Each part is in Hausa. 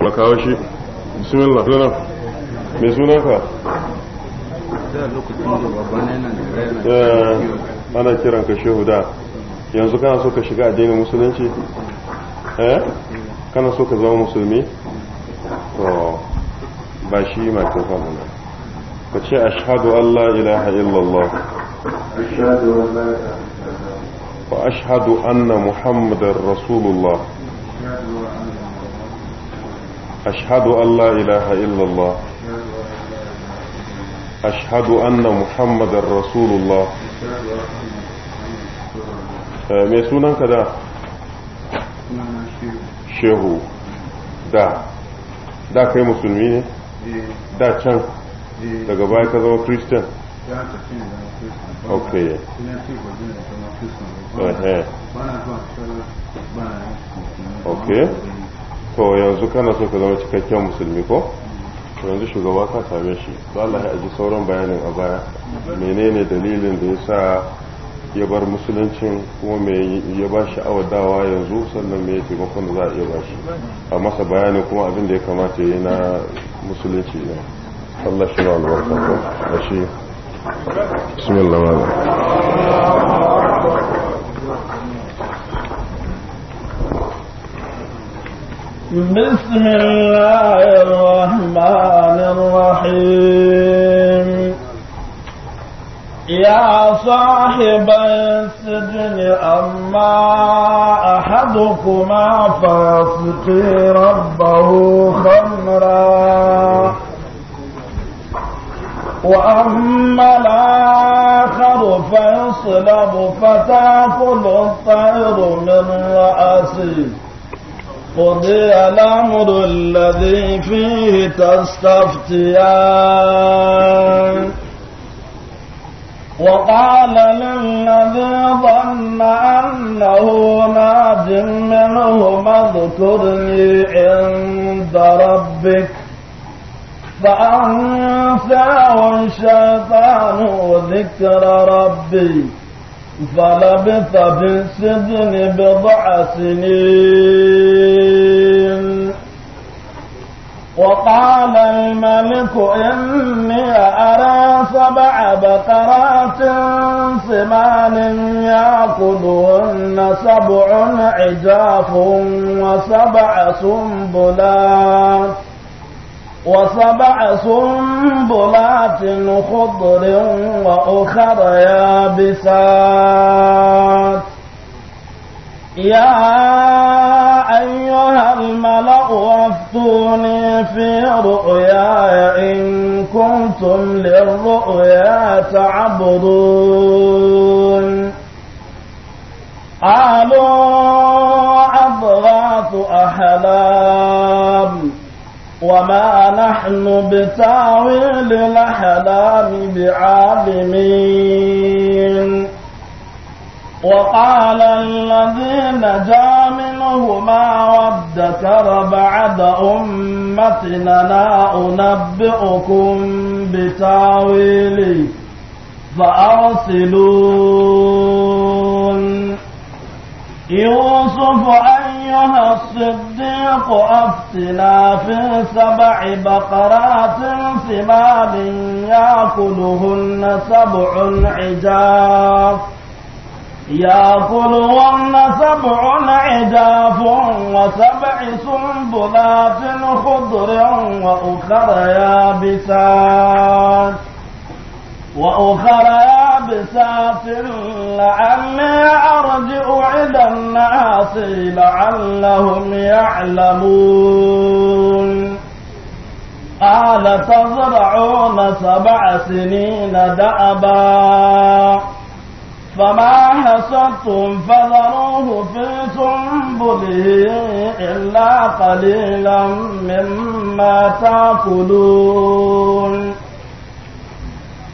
na kawo shi bismillah suna mai suna ka ana kiran ka shehu da yanzu kana so ka shiga addinin musulunci eh kana so ka zama musulmi to ba shi microphone ne ka ce ashhadu Allah. la ilaha illallah ashhadu an la ilaha wa ashhadu anna muhammadar rasulullah ashadu أن لا إله illallah الله أشهد أن محمد mai sunanka da shehu da da kai musulmi ne da can daga baya ka zama christian ok ok to yanzu kana so ka zama cikakken musulmi ko yanzu shugaba ka same shi to Allah ya aji sauran bayanin a baya menene dalilin da ya sa ya bar musuluncin kuma me ya ba shi dawa yanzu sannan me ya taimakon da za a iya ba shi a masa bayanin kuma abin da ya kamata ya na musulunci ne Allah shi wani albarka ba shi bismillah بسم الله الرحمن الرحيم يا صاحب السجن أما أحدكما فيسقي ربه خمرا وأما الآخر فيصلب فتأكل الطير من رأسه قضي الأمر الذي فيه تستفتيان وقال للذي ظن أنه ناج منه اذكرني عند ربك فأنساه الشيطان ذكر ربي si balabisabsizin basin utalamaliku emiya ara saba abatarasịsị malịya kwụdụona sabna izafụ wa saba atụ وسبع سنبلات خضر وأخر يابسات يا أيها الملأ وافتوني في رؤياي إن كنتم للرؤيا تعبدون قالوا أضغاث أحلام وما نحن بتاويل الأحلام بعالمين وقال الذي نجا منهما وادكر بعد أمتنا أنبئكم بتاويلي فأرسلون يوسف أيها الصديق أفتنا في سبع بقرات سمان يأكلهن سبع عجاف يأكلهن سبع عجاف وسبع سنبلات خضر وأخر يابسات وأخر يابسات بساس لعلي أرجع عند الناس لعلهم يعلمون قال تزرعون سبع سنين دأبا فما حسبتم فذروه في سنبله إلا قليلا مما تأكلون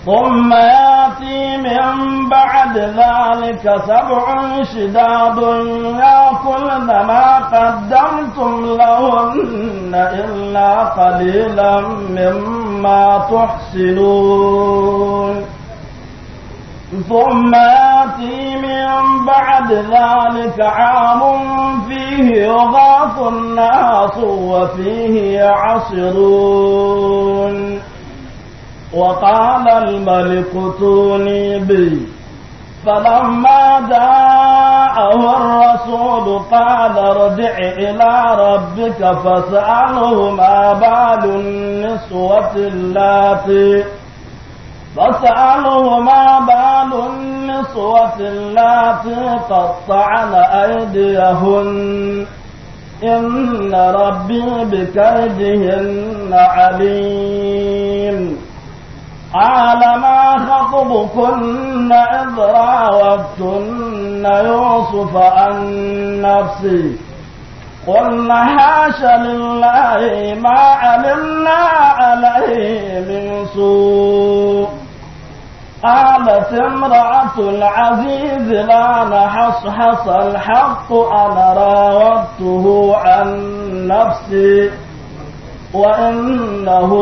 ثم ياتي من بعد ذلك سبع شداد ياكلن ما قدمتم لهن إلا قليلا مما تحسنون ثم ياتي من بعد ذلك عام فيه يغاث الناس وفيه يعصرون وقال الملك توني بي فلما جاءه الرسول قال ارجع إلى ربك فاسأله ما بال النسوة اللاتي فاسأله ما بال النسوة اللاتي قطعن أيديهن إن ربي بكيدهن عليم قال ما خطبكن إذ راوتن يوسف عن نفسي قلنا حاش لله ما علمنا عليه من سوء قالت امرأة العزيز لا نحصحص الحق أنا راودته عن نفسي وإنه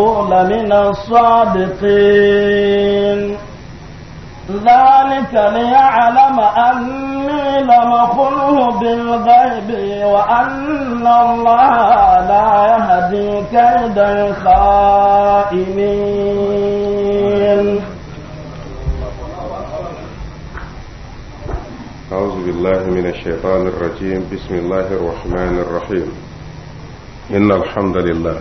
لمن الصادقين ذلك ليعلم أني لم لمخنه بالغيب وأن الله لا يهدي كيد الخائنين أعوذ بالله من الشيطان الرجيم بسم الله الرحمن الرحيم إن الحمد لله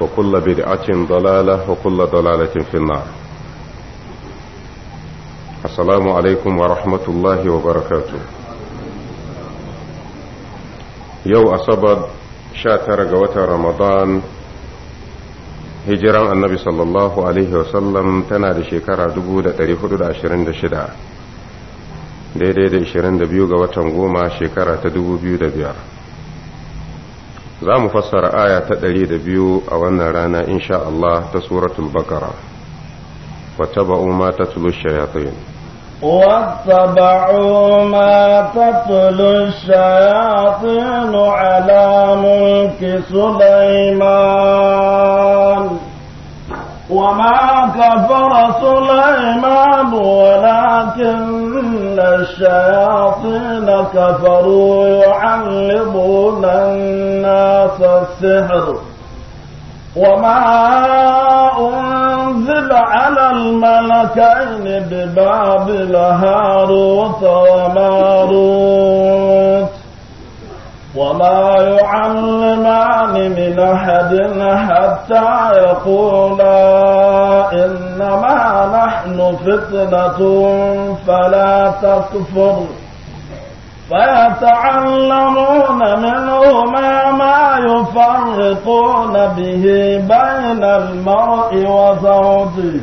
وكل بدعة ضلالة وكل ضلالة في النار السلام عليكم ورحمة الله وبركاته يو أصبد شاتر قوة رمضان hijiran annabi sallallahu alaihi wasallam tana da shekara 426 daidai da 22 ga watan goma shekara ta 2005 za mu fassara aya ta ɗari da biyu a wannan rana insha Allah ta suratul bakara واتبعوا ما تتلو الشياطين واتبعوا ما تتلو الشياطين على ملك سليمان وما كفر سليمان ولكن إن الشياطين كفروا يعلمون الناس السحر وما أنزل على الملكين ببابل هاروت وماروت وما يعلمان من أحد حتى يقولا إنما نحن فتنة فلا تكفر فيتعلمون منهما ما يفرقون به بين المرء وزوجه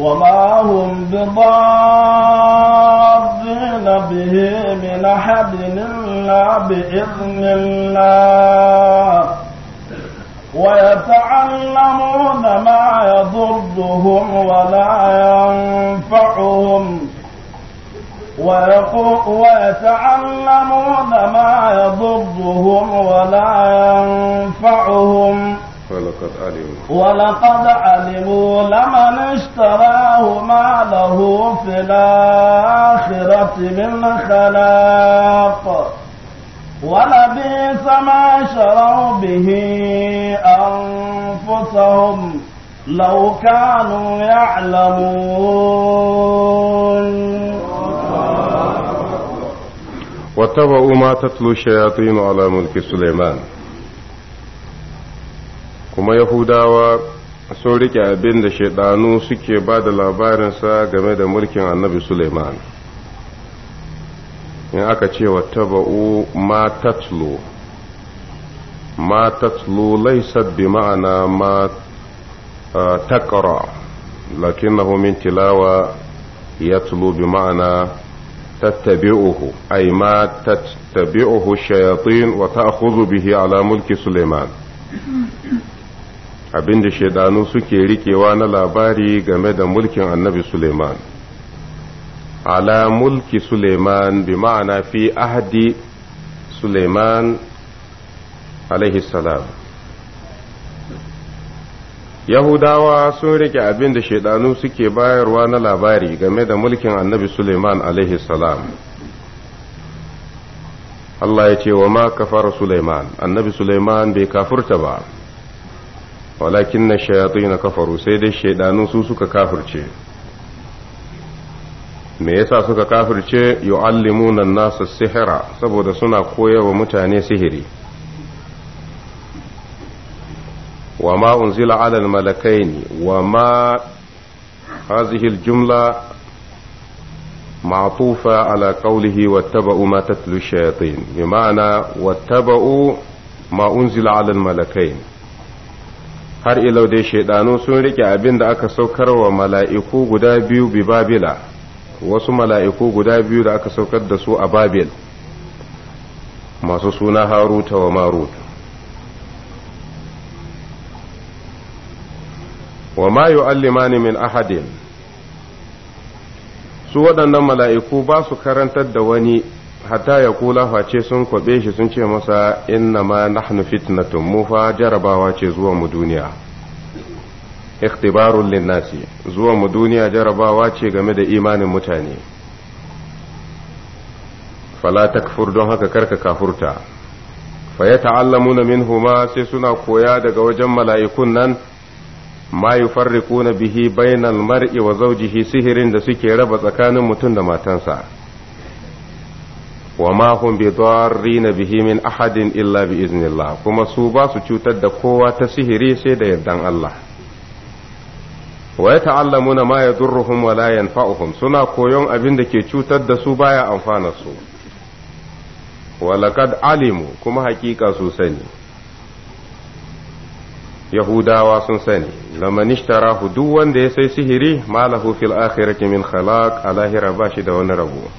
وما هم بضار يؤمن به من أحد إلا بإذن الله ويتعلمون ما يضرهم ولا ينفعهم ويتعلمون ما يضرهم ولا ينفعهم ولقد علموا ولقد علموا لمن اشتراه ما له في الآخرة من خلاق ولبئس ما شروا به أنفسهم لو كانوا يعلمون واتبعوا ما تتلو الشياطين على ملك سليمان kuma yahudawa sun rike abin da shaidanu suke ba da labarinsa game da mulkin annabi suleiman in aka ce wa taba'u ma tatlu ma tatlu bi ma'ana ma uh, taqra lakinnahu min tilawa yatlu bi ma'ana tattabi'uhu ay ma tattabi'uhu shayatin wa ta'khudhu bihi ala mulki suleiman Abin da shaidanu suke rikewa na labari game da mulkin annabi Suleiman. ala mulki Suleiman bi ma'ana fi ahdi Suleiman alaihi salam Yahudawa sun rike abin da shaidanu suke bayarwa na labari game da mulkin annabi Suleiman alaihi salam Allah ya ce wa ma kafara Suleiman annabi Suleiman bai kafurta ba walakin na shayatai na kafaru sai dai shaidanu su suka kafirce me yasa suka kafirce yu'allimuna nasa sihira saboda suna koyawa mutane sihiri wa ma unzila ala al-malakaini wa ma hadhihi al-jumla معطوفة على قوله واتبعوا ما تتلو الشياطين بمعنى واتبعوا ما أنزل على الملكين har ilau dai shaidanu sun rike abin da aka saukar wa mala'iku guda biyu bi babila wasu mala'iku guda biyu da aka saukar da su a babil masu suna haruta wa marut wa ma yu'allimani min ahadin su waɗannan mala'iku ba su karantar da wani hatta ya kula face sun kwabe shi sun ce masa inna ma nahnu fitnatun mu fa jarabawa ce zuwa mu duniya ikhtibarun linnasi zuwa mu duniya jarabawa ce game da imanin mutane fala takfur don haka karka kafurta fa ya ta'allamuna minhuma sai suna koya daga wajen mala'ikun nan ma yufarriquna bihi bainal mar'i wa zawjihi sihirin da suke raba tsakanin mutum da matansa wa ma hum bi darrina bihi min ahadin illa bi iznillah kuma su ba su cutar da kowa ta sihiri sai da yardan Allah wa yata'allamuna ma yadurruhum wa la yanfa'uhum suna koyon abin da ke cutar da su baya amfana su wa laqad alimu kuma hakika su sani yahudawa sun sani laman ishtarahu duk wanda ya sai sihiri malahu fil akhirati min khalaq a lahira bashi da wani rabo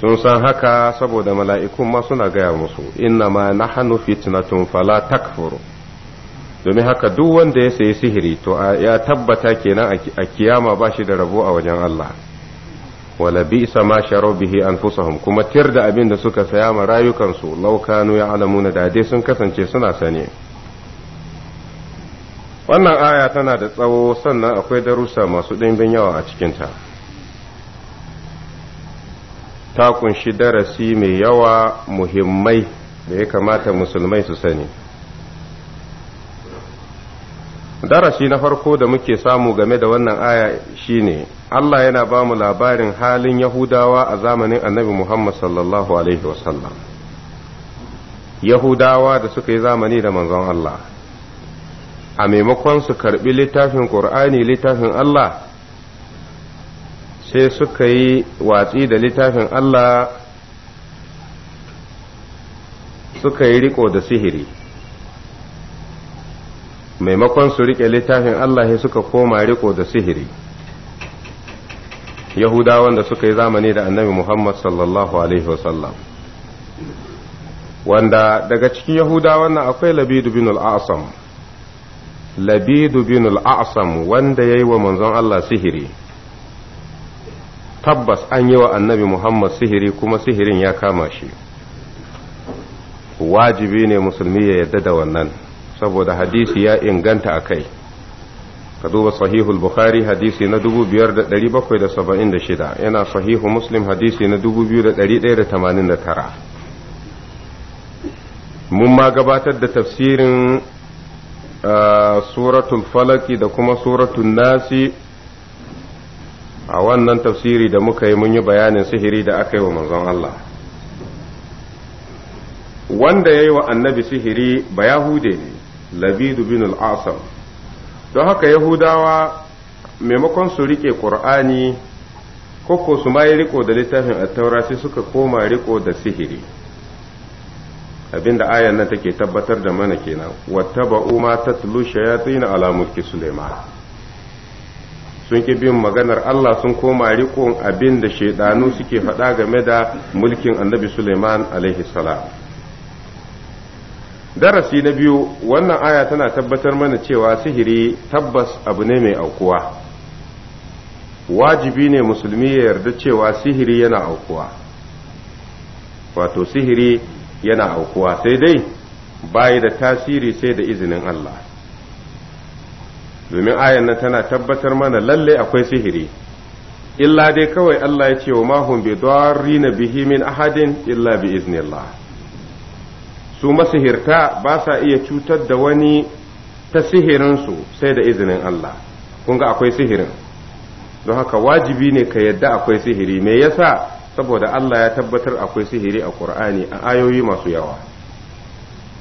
sun san haka saboda mala'ikun ma suna gaya musu inna ma na hannu fitnatun fala takfuru domin haka duk wanda ya sayi sihiri to ya tabbata kenan a kiyama ba shi da rabo a wajen Allah wala bi isa ma sharo bihi anfusahum kuma tir da abin da suka saya ma rayukansu law ya na na dade sun kasance suna sani wannan aya tana da tsawo sannan akwai darussa masu ɗimbin yawa a cikinta. ta kunshi darasi mai yawa muhimmai da ya kamata musulmai su sani darasi na farko da muke samu game da wannan aya shine Allah yana ba mu labarin halin Yahudawa a zamanin annabi Muhammad sallallahu Alaihi wasallam Yahudawa da suka yi zamani da manzon Allah a maimakon su karbi littafin Ƙur'ani littafin Allah sai suka yi watsi da littafin Allah suka yi riko da sihiri maimakon su rike littafin Allah sai suka koma riko da sihiri yahudawan da suka yi zamani da annabi Muhammad sallallahu alaihi wasallam wanda daga cikin yahudawan nan akwai labidu bin al'asam labidu bin al'asam wanda ya yi wa manzon Allah sihiri tabbas an yi wa annabi Muhammad sihiri kuma sihirin ya kama shi wajibi ne musulmi ya yarda da wannan saboda hadisi ya inganta a kai ka duba sahihul bukhari hadisi na 5776 yana sahihu muslim hadisi na 2189 mun ma gabatar da tafsirin ah, suratul falaki da kuma suratul nasi a wannan tafsiri da muka yi mun yi bayanin sihiri da aka yi wa manzon Allah wanda ya yi wa annabi sihiri ba yahude ne labidu bin al'asam don haka yahudawa maimakon su rike ƙur'ani koko su ma riko da littafin attaura sai suka koma riko da sihiri abinda ayan nan take tabbatar da mana kenan wattaba'u ma tatlu shayatin ala mulki suleiman sun ki bin maganar Allah sun koma rikon abin da shaidanu suke faɗa game da mulkin annabi Suleiman alaihi salam darasi na biyu wannan aya tana tabbatar mana cewa sihiri tabbas abu ne mai aukuwa wajibi ne musulmi ya yarda cewa sihiri yana aukuwa wato sihiri yana aukuwa sai dai bayi da tasiri sai da izinin Allah domin ayan nan tana tabbatar mana lalle akwai sihiri illa dai kawai Allah ya ce wa mahum bi na bihi min ahadin illa bi iznillah su masihirta ba sa iya cutar da wani ta sihirinsu sai da izinin Allah kun ga akwai sihirin don haka wajibi ne ka yadda akwai sihiri me yasa saboda Allah ya tabbatar akwai sihiri a Qur'ani a ayoyi masu yawa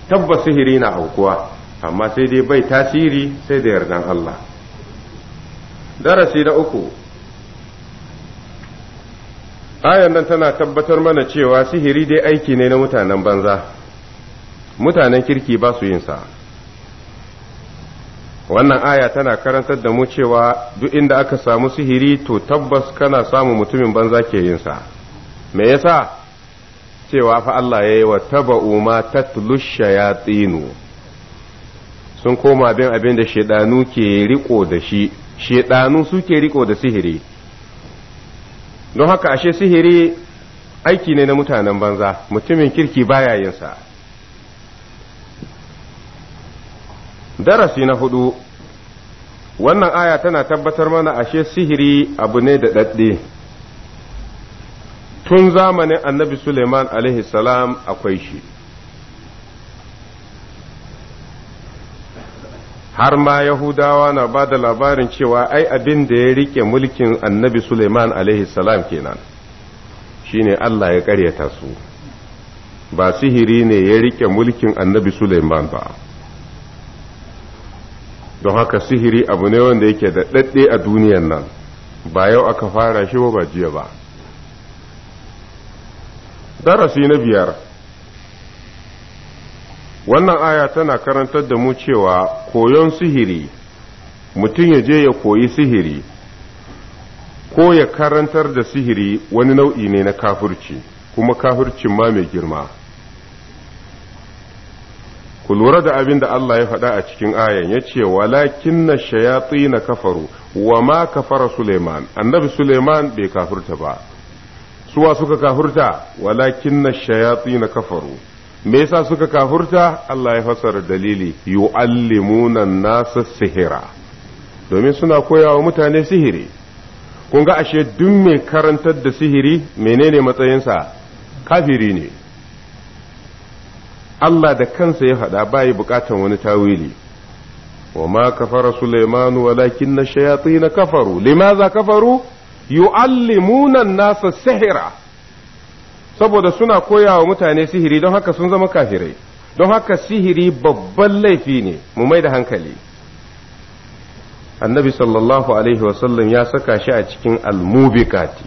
tabbas sihiri na aukuwa amma sai dai bai tasiri sai da yardan Allah darasi na uku ayan nan tana tabbatar mana cewa sihiri dai aiki ne na mutanen banza mutanen kirki ba su yin sa wannan aya tana karantar da mu cewa duk inda aka samu sihiri to tabbas kana samun mutumin banza ke yin sa me yasa cewa fa Allah ya yi wa taba'u ma ya shayatinu sun koma bin abin da shaidanu ke riko da shi shaidanu suke riko da sihiri don haka ashe sihiri aiki ne na mutanen banza mutumin kirki baya yinsa darasi na hudu wannan aya tana tabbatar mana ashe sihiri abu ne da dadde tun zamanin annabi suleiman salam akwai shi har ma yahudawa na ba da labarin cewa ai abin da ya rike mulkin annabi suleiman alaihi salam kenan shine allah ya karyata su ba sihiri ne ya rike mulkin annabi suleiman ba don haka sihiri abu ne wanda yake da ɗaɗɗe a duniyan nan ba yau aka fara shi ba jiya ba darasi na biyar wannan aya tana karantar da mu cewa koyon sihiri mutum ya je ya koyi sihiri ko ya karantar da sihiri wani nau'i ne na kafirci kuma kafircin ma mai girma ku lura da abin da Allah ya faɗa a cikin ayan ya ce walakin na shayatsi na kafaru wa ma kafara Suleiman annabi Suleiman bai kafurta ba suwa suka kafurta walakin na shayatsi na kafaru me yasa suka kafurta Allah ya fasara dalili yu'allimuna nasa sihira domin suna koyawa mutane sihiri kun ga ashe duk mai karantar da sihiri menene matsayinsa kafiri ne Allah da kansa ya faɗa bayi bukatan wani tawili wa ma kafara Sulaimanu walakin na shayatsi na kafaru limaza kafaru yu'allimuna nasa sihira saboda suna koya wa mutane sihiri don haka sun zama kafirai don haka sihiri babban laifi ne mu mai da hankali annabi sallallahu alaihi wasallam ya saka shi a cikin almubikati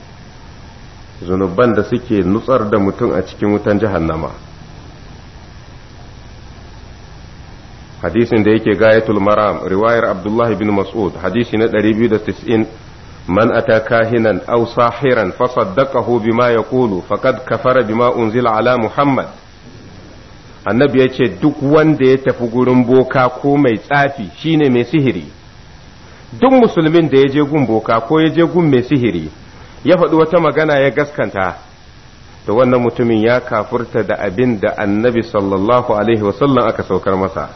zunuban da suke nutsar da mutum a cikin wutan jahannama hadisin da yake gayatul maram riwayar abdullahi bin mas'ud hadisi na 290 man ata kahinan aw sahiran fa saddaqahu bima yaqulu faqad kafara bima unzila ala muhammad annabi ce duk wanda ya tafi gurin boka ko mai tsafi shine mai sihiri duk musulmin da ya je gun boka ko ya je gun mai sihiri ya faɗi wata magana ya gaskanta da wannan mutumin ya kafurta da abin da annabi sallallahu alaihi wasallam aka saukar masa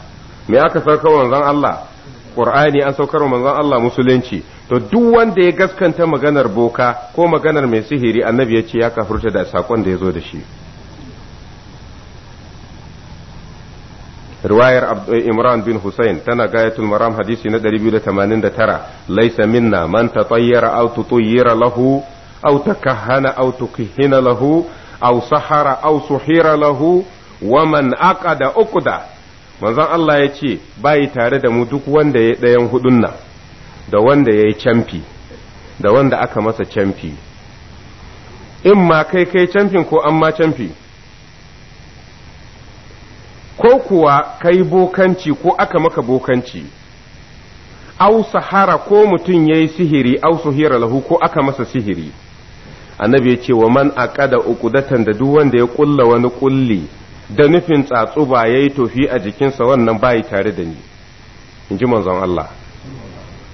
me aka saukar wanzan Allah qur'ani an saukar wa manzon Allah musulunci to duk wanda ya gaskanta maganar boka ko maganar mai sihiri annabi ya ce ya kafurta da sakon da ya zo da shi riwayar eh, imran bin husayn tana gayatul maram hadisi na 289 laysa minna man tatayyara aw tutayyira lahu aw takahhana aw tukihina lahu aw sahara aw suhira lahu wa man aqada uqda manzon Allah ya ce ba bayi tare da mu duk wanda ya ɗayan hudun nan da wanda ya yi camfi da wanda aka masa camfi in ma kai kai camfin ko an ma camfi ko kuwa kai bokanci ko aka maka bokanci au sahara ko mutum ya yi sihiri au suhira lahu ko aka masa sihiri annabi ya ce wa man aqada uqdatan da duk wanda ya kulla wani kulli da nufin tsatsu ba ya yi tofi a jikinsa wannan bayi tare da ni in ji manzon Allah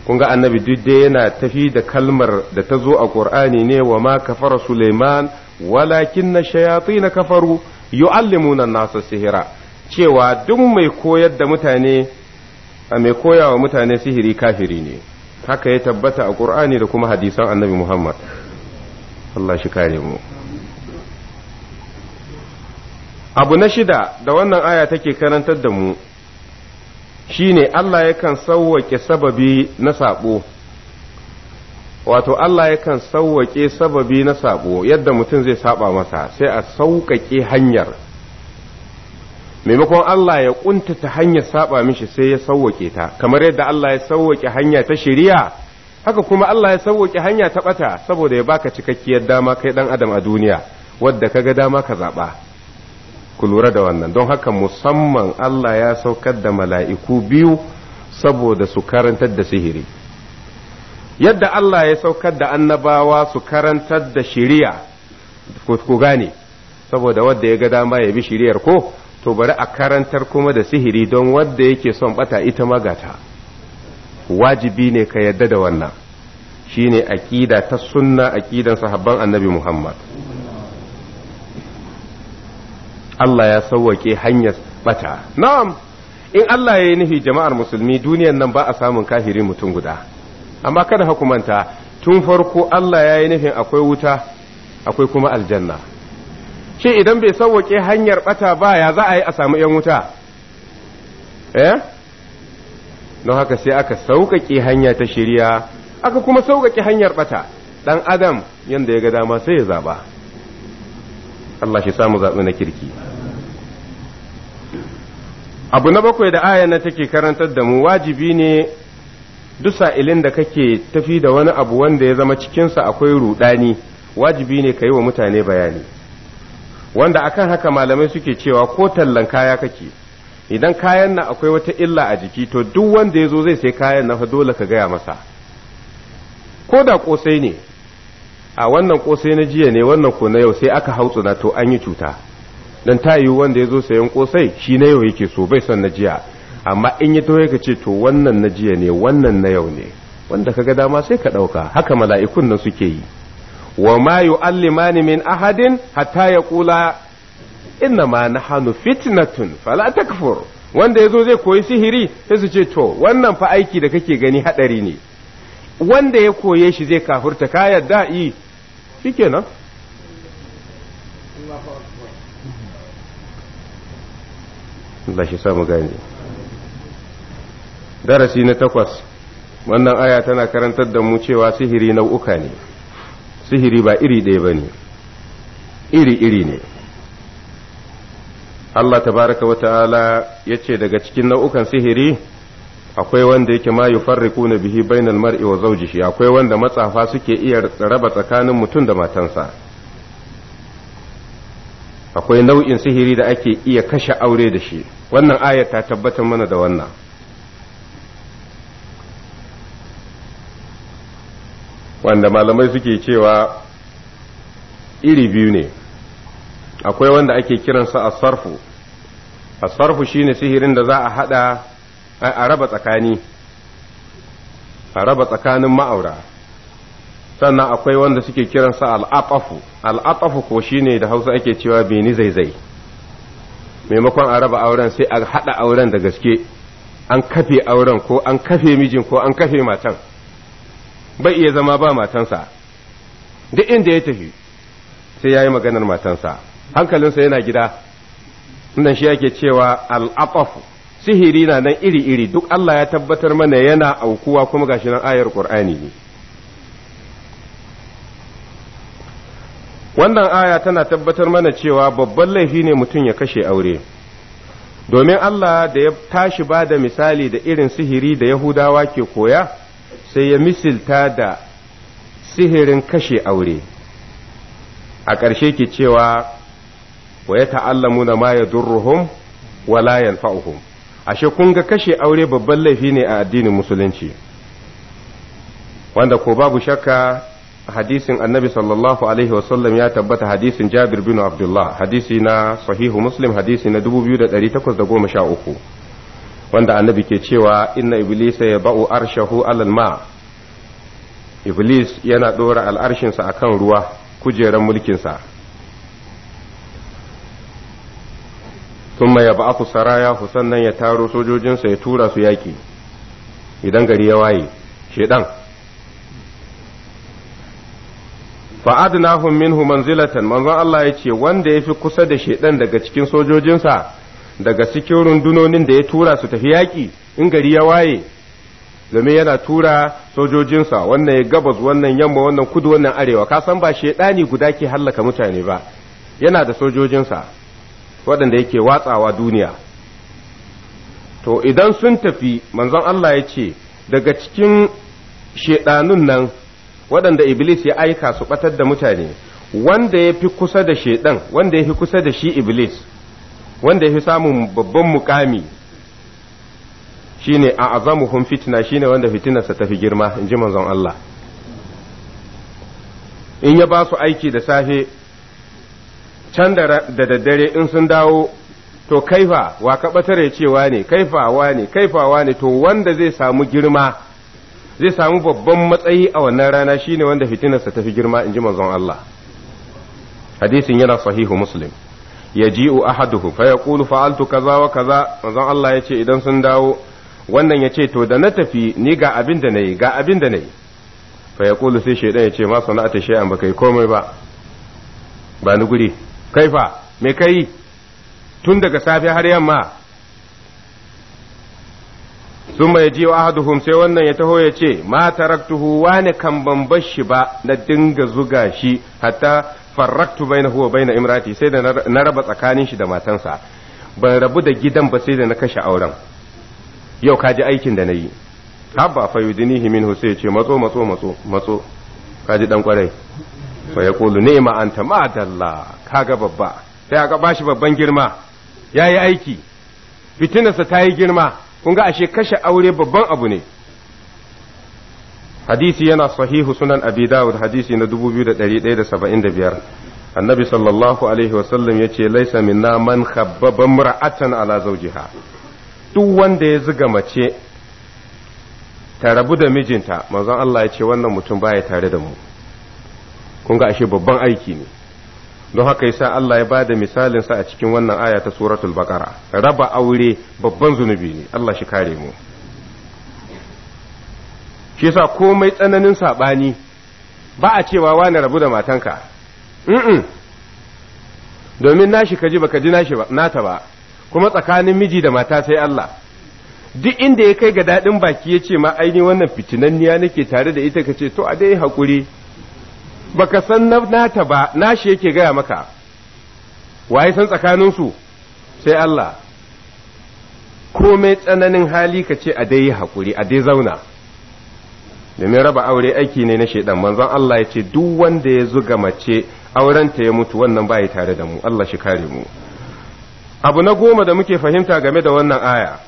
kun ga annabi duk dai yana tafi da kalmar da ta zo a ƙur'ani ne wa ma kafara Suleiman walakin na shayatsi na kafaru yu'allimuna nasa sihira cewa duk mai koyar da mutane a mai koya wa mutane sihiri kafiri ne haka ya tabbata a ƙur'ani da kuma hadisan annabi Muhammad Allah shi kare mu abu na shida da wannan aya take karantar da mu shine Allah yakan sauwake sababi na sabo wato Allah yakan sauwake sababi na saɓo yadda mutum zai saɓa masa sai a sauƙaƙe hanyar maimakon Allah ya ƙuntata hanyar saɓa mishi sai ya sauwake ta kamar yadda Allah ya sauwake hanya ta shiriya haka kuma Allah ya sauwake hanya ta ɓata saboda ya baka cikakkiyar dama kai ɗan adam a duniya wadda ga dama ka zaɓa ku lura da wannan don haka musamman Allah ya saukar da mala'iku biyu saboda su karantar da sihiri yadda Allah ya saukar da annabawa su karantar da shiriya ku gane saboda wadda ya ga dama ya bi shiriyar ko to bari a karantar kuma da sihiri don wadda yake son bata ita magata wajibi ne ka yadda da wannan shine aqida ta sunna aqidan sahabban annabi Muhammad Allah ya sauwake hanyar bata na'am in Allah ya yi nufi jama'ar musulmi duniyan nan ba a samun kafiri mutum guda amma kada hakumanta tun farko Allah ya yi nufin akwai wuta akwai kuma aljanna shi idan bai sauwake hanyar bata ba ya za a yi a samu yan wuta eh don haka sai aka sauƙaƙe hanya ta shirya aka kuma sauƙaƙe hanyar bata dan adam yanda ya ga dama sai ya zaba Allah shi samu zaɓi na kirki abu na bakwai da aya na take karantar da mu wajibi ne duk sa'ilin da kake tafi da wani abu wanda ya zama cikinsa akwai rudani wajibi ne ka yi wa mutane bayani wanda akan haka malamai suke cewa ko tallan kaya kake idan kayan na akwai wata illa a jiki to duk wanda ya zo zai sai kayan na fa dole ka gaya masa ko da ƙosai ne a wannan kosai na jiya ne wannan ko na yau sai aka hau tsuna to an yi cuta dan ta yiwu wanda ya zo sayan kosai shi na yau yake so bai son na jiya amma in ya to ka ce to wannan na jiya ne wannan na yau ne wanda kaga dama sai ka ɗauka haka mala'ikun nan suke yi wa ma yu'allimani min ahadin hatta yaqula inna ma nahnu fitnatun fala takfur wanda yazo zai koyi sihiri sai su ce to wannan fa aiki da kake gani hadari ne wanda ya koye shi zai kafurta ka yadda yi shikenan Allah samu gani darasi na takwas wannan aya tana karantar da mu cewa sihiri nau'uka ne sihiri ba iri ɗaya ba ne iri-iri ne Allah tabaraka wa ta'ala ya ce daga cikin nau'ukan sihiri akwai wanda yake ma na bihi bainal mar'i wa zawjihi akwai wanda matsafa suke iya raba tsakanin mutum da matansa akwai nau'in sihiri da ake iya kashe aure da shi wannan aya ta tabbatar mana da wannan wanda malamai suke cewa iri biyu ne akwai wanda ake kiransa sarfu asarfu sarfu shine sihirin da za a hada a raba tsakani a raba tsakanin ma'aura sannan akwai wanda suke kiransa al'afafu al'afafu ko shine da hausa ake cewa beni zaizai maimakon a raba auren sai a haɗa auren da gaske an kafe auren ko an kafe mijin ko an kafe matan bai iya zama ba matansa duk inda ya tafi sai ya yi maganar matansa hankalinsa yana gida wannan shi yake cewa al'afafu sihiri na nan iri-iri duk Allah ya tabbatar mana yana aukuwa kuma gashi nan ayar Qur'ani ne wannan aya tana tabbatar mana cewa babban laifi ne mutum ya kashe aure domin Allah da ya tashi ba da misali da irin sihiri da Yahudawa ke koya sai ya misilta da sihirin kashe aure a ƙarshe ke cewa wa ya ta'allamu na ma ya durruhum wa la yanfa'uhum ashe kun ga kashe aure babban laifi ne a addinin musulunci wanda ko babu shakka hadisin annabi sallallahu alaihi wasallam ya tabbata hadisin jabir bin abdullah hadisi na sahihu muslim hadisi na 2813 wanda annabi ke cewa inna iblisa ya ba'u arshahu alal ma iblis yana dora al'arshinsa akan ruwa kujeran mulkinsa sun ya ba'afu saraya sannan ya taro sojojinsa ya tura su yaƙi idan gari ya waye shedan fa'adnahum minhu manzilatan manzon Allah ya ce wanda ya fi kusa da shedan daga cikin sojojinsa daga cikin rundunonin da ya tura su tafi yaƙi in gari ya waye game yana tura sojojinsa wannan ya gabas wannan yamma wannan kudu wannan arewa ka san ba shedani guda ke hallaka mutane ba yana da sojojinsa waɗanda yake watsawa duniya to idan sun tafi manzon Allah ya ce daga cikin shedanun nan waɗanda iblis ya aika su ɓatar da mutane wanda ya fi kusa da shedan wanda ya fi kusa da shi iblis wanda ya fi samun babban mukami shine a azamuhum fitna shine wanda fitinarsa ta fi girma in ji manzon Allah in ya ba su aiki da safe can da daddare in sun dawo to kaifa wa ka batare cewa ne kaifawa ne kaifawa ne to wanda zai samu girma zai samu babban matsayi a wannan rana shine wanda fitinarsa ta fi girma in ji manzon Allah hadisin yana sahihu muslim u ahaduhu fa kulu fa'altu kaza wa kaza manzon Allah ya ce idan sun dawo wannan ya ce to da na tafi ni ga abin da nayi ga abin da nayi fa kulu sai ya yace ma sana'ata shay'an baka yi komai ba ba ni guri kaifa me kai tun daga safe har yamma sun mai ji ahaduhum sai wannan ya taho ya ce ma taraktuhu wani kan ban shi ba na dinga zuga shi hatta farraktu baina huwa na imrati sai da na raba tsakanin shi da matansa ban rabu da gidan ba sai da na kashe auren yau ka ji aikin da na yi habba fa yudinihi minhu sai ce matso matso matso matso ka ji dan kwarai fa ma ni'ma anta ma'adalla kaga babba sai aka bashi babban girma yayi aiki fitinarsa ta yi girma kun ga ashe kashe aure babban abu ne hadisi yana sahihu sunan abi dawud hadisi na 2175 annabi sallallahu alaihi wasallam ya ce laisa minna man khabbaba mar'atan ala zawjiha duk wanda ya zuga mace ta rabu da mijinta manzon Allah ya ce wannan mutum baya tare da mu kun ga ashe babban aiki ne don haka yasa Allah ya bada misalin sa a cikin wannan aya ta suratul baqara raba aure babban zunubi ne Allah shi kare mu shi yasa komai tsananin sabani ba a cewa wani rabu da matanka domin nashi kaji baka ji nashi ba nata ba kuma tsakanin miji da mata sai Allah duk inda ya kai ga daɗin baki ya ce ma aini wannan fitinanniya nake tare da ita kace ce to a dai hakuri. baka san nata ba nashi yake gaya maka waye san tsakaninsu sai Allah komai tsananin hali ka ce a dai hakuri a dai zauna domin raba aure aiki ne na shaidan manzon Allah ya ce duk wanda ya zuga mace aurenta ya mutu wannan bai tare da mu Allah shi kare mu abu na goma da muke fahimta game da wannan aya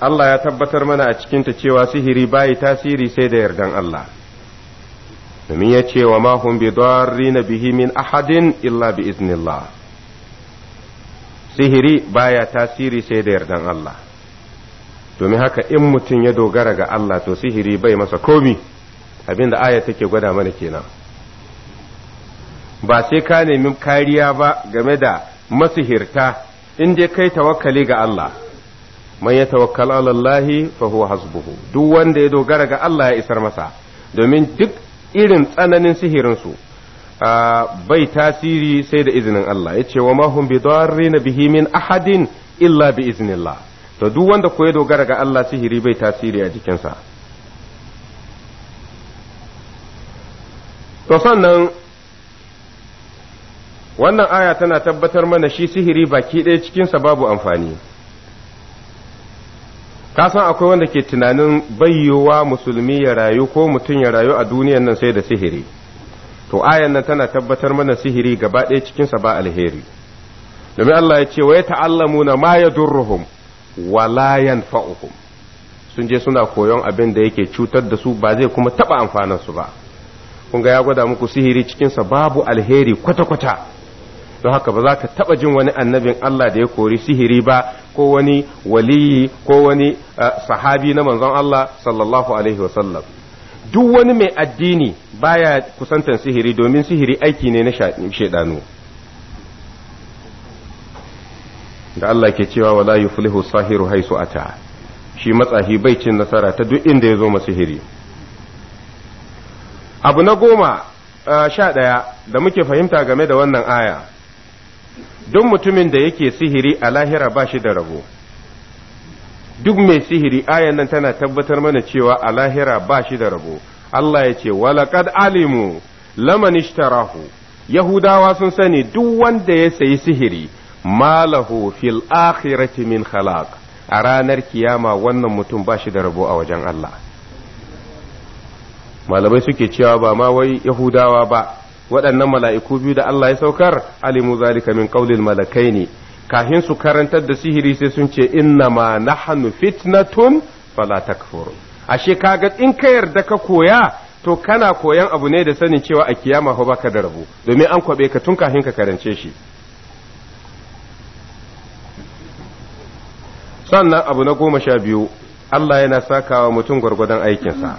Allah ya tabbatar mana a cikinta cewa sihiri bayi tasiri sai da yardan Allah domin ya ce wa mahun na bihi min ahadin illa bi iznillah sihiri baya tasiri sai da yardan Allah domin haka in mutum ya dogara ga Allah to sihiri bai masa komi abinda aya take gwada mana kenan ba sai ka nemi kariya ba game da masihirta in dai kai tawakkali ga Allah man ya tawakkal alallahi fa huwa hasbuhu duk wanda ya dogara ga Allah ya isar masa domin duk irin tsananin sihirinsu ah, bai tasiri sai da izinin Allah ya ce wa mahum bi na bihi min ahadin illa bi iznillah to duk wanda ko ya dogara ga Allah sihiri bai tasiri a jikinsa to sannan wannan aya tana tabbatar mana shi sihiri baki ɗaya cikinsa babu amfani ka san akwai wanda ke tunanin bayyowa musulmi ya rayu ko mutum ya rayu a duniyan nan sai da sihiri to ayan nan tana tabbatar mana sihiri gaba ɗaya cikin sa ba alheri domin Allah ya ce wa ya na ma yadurruhum wa la yanfa'uhum sun je suna koyon abin da yake cutar da su ba zai kuma taba amfanar su ba kun ga ya gwada muku sihiri cikinsa babu alheri kwata-kwata don haka ba za ka taɓa jin wani annabin Allah da ya kori sihiri ba ko wani waliyi ko wani eh, sahabi na manzon Allah sallallahu alaihi wasallam duk wani mai addini baya kusantan sihiri domin sihiri aiki ne na shaidanu da Allah ke cewa wala yuflihu sahiru haisu ata shi matsahi bai cin nasara ta duk inda ya zo sihiri abu na goma eh, sha ɗaya da muke fahimta game da wannan aya duk mutumin da yake sihiri a lahira ba shi da rabo duk mai sihiri ayan nan tana tabbatar mana cewa a lahira ba shi da rabo Allah ya ce walaqad alimu laman ishtarahu yahudawa sun sani duk wanda ya sayi sihiri malahu fil akhirati min khalaq a ranar kiyama wannan mutum ba shi da rabo a wajen Allah malamai suke cewa ba ma wai yahudawa ba waɗannan mala'iku biyu da Allah ya saukar alimu zalika min malakai ne kafin su karantar da sihiri sai sun ce inna ma hannu fitnatun fala A ashe kaga in ka yarda ka koya to kana koyan abu ne da sanin cewa a kiyama fa baka da rabu domin an kwabe ka tun kafin ka karance shi sannan abu na goma sha biyu Allah yana sakawa mutum gwargwadon aikinsa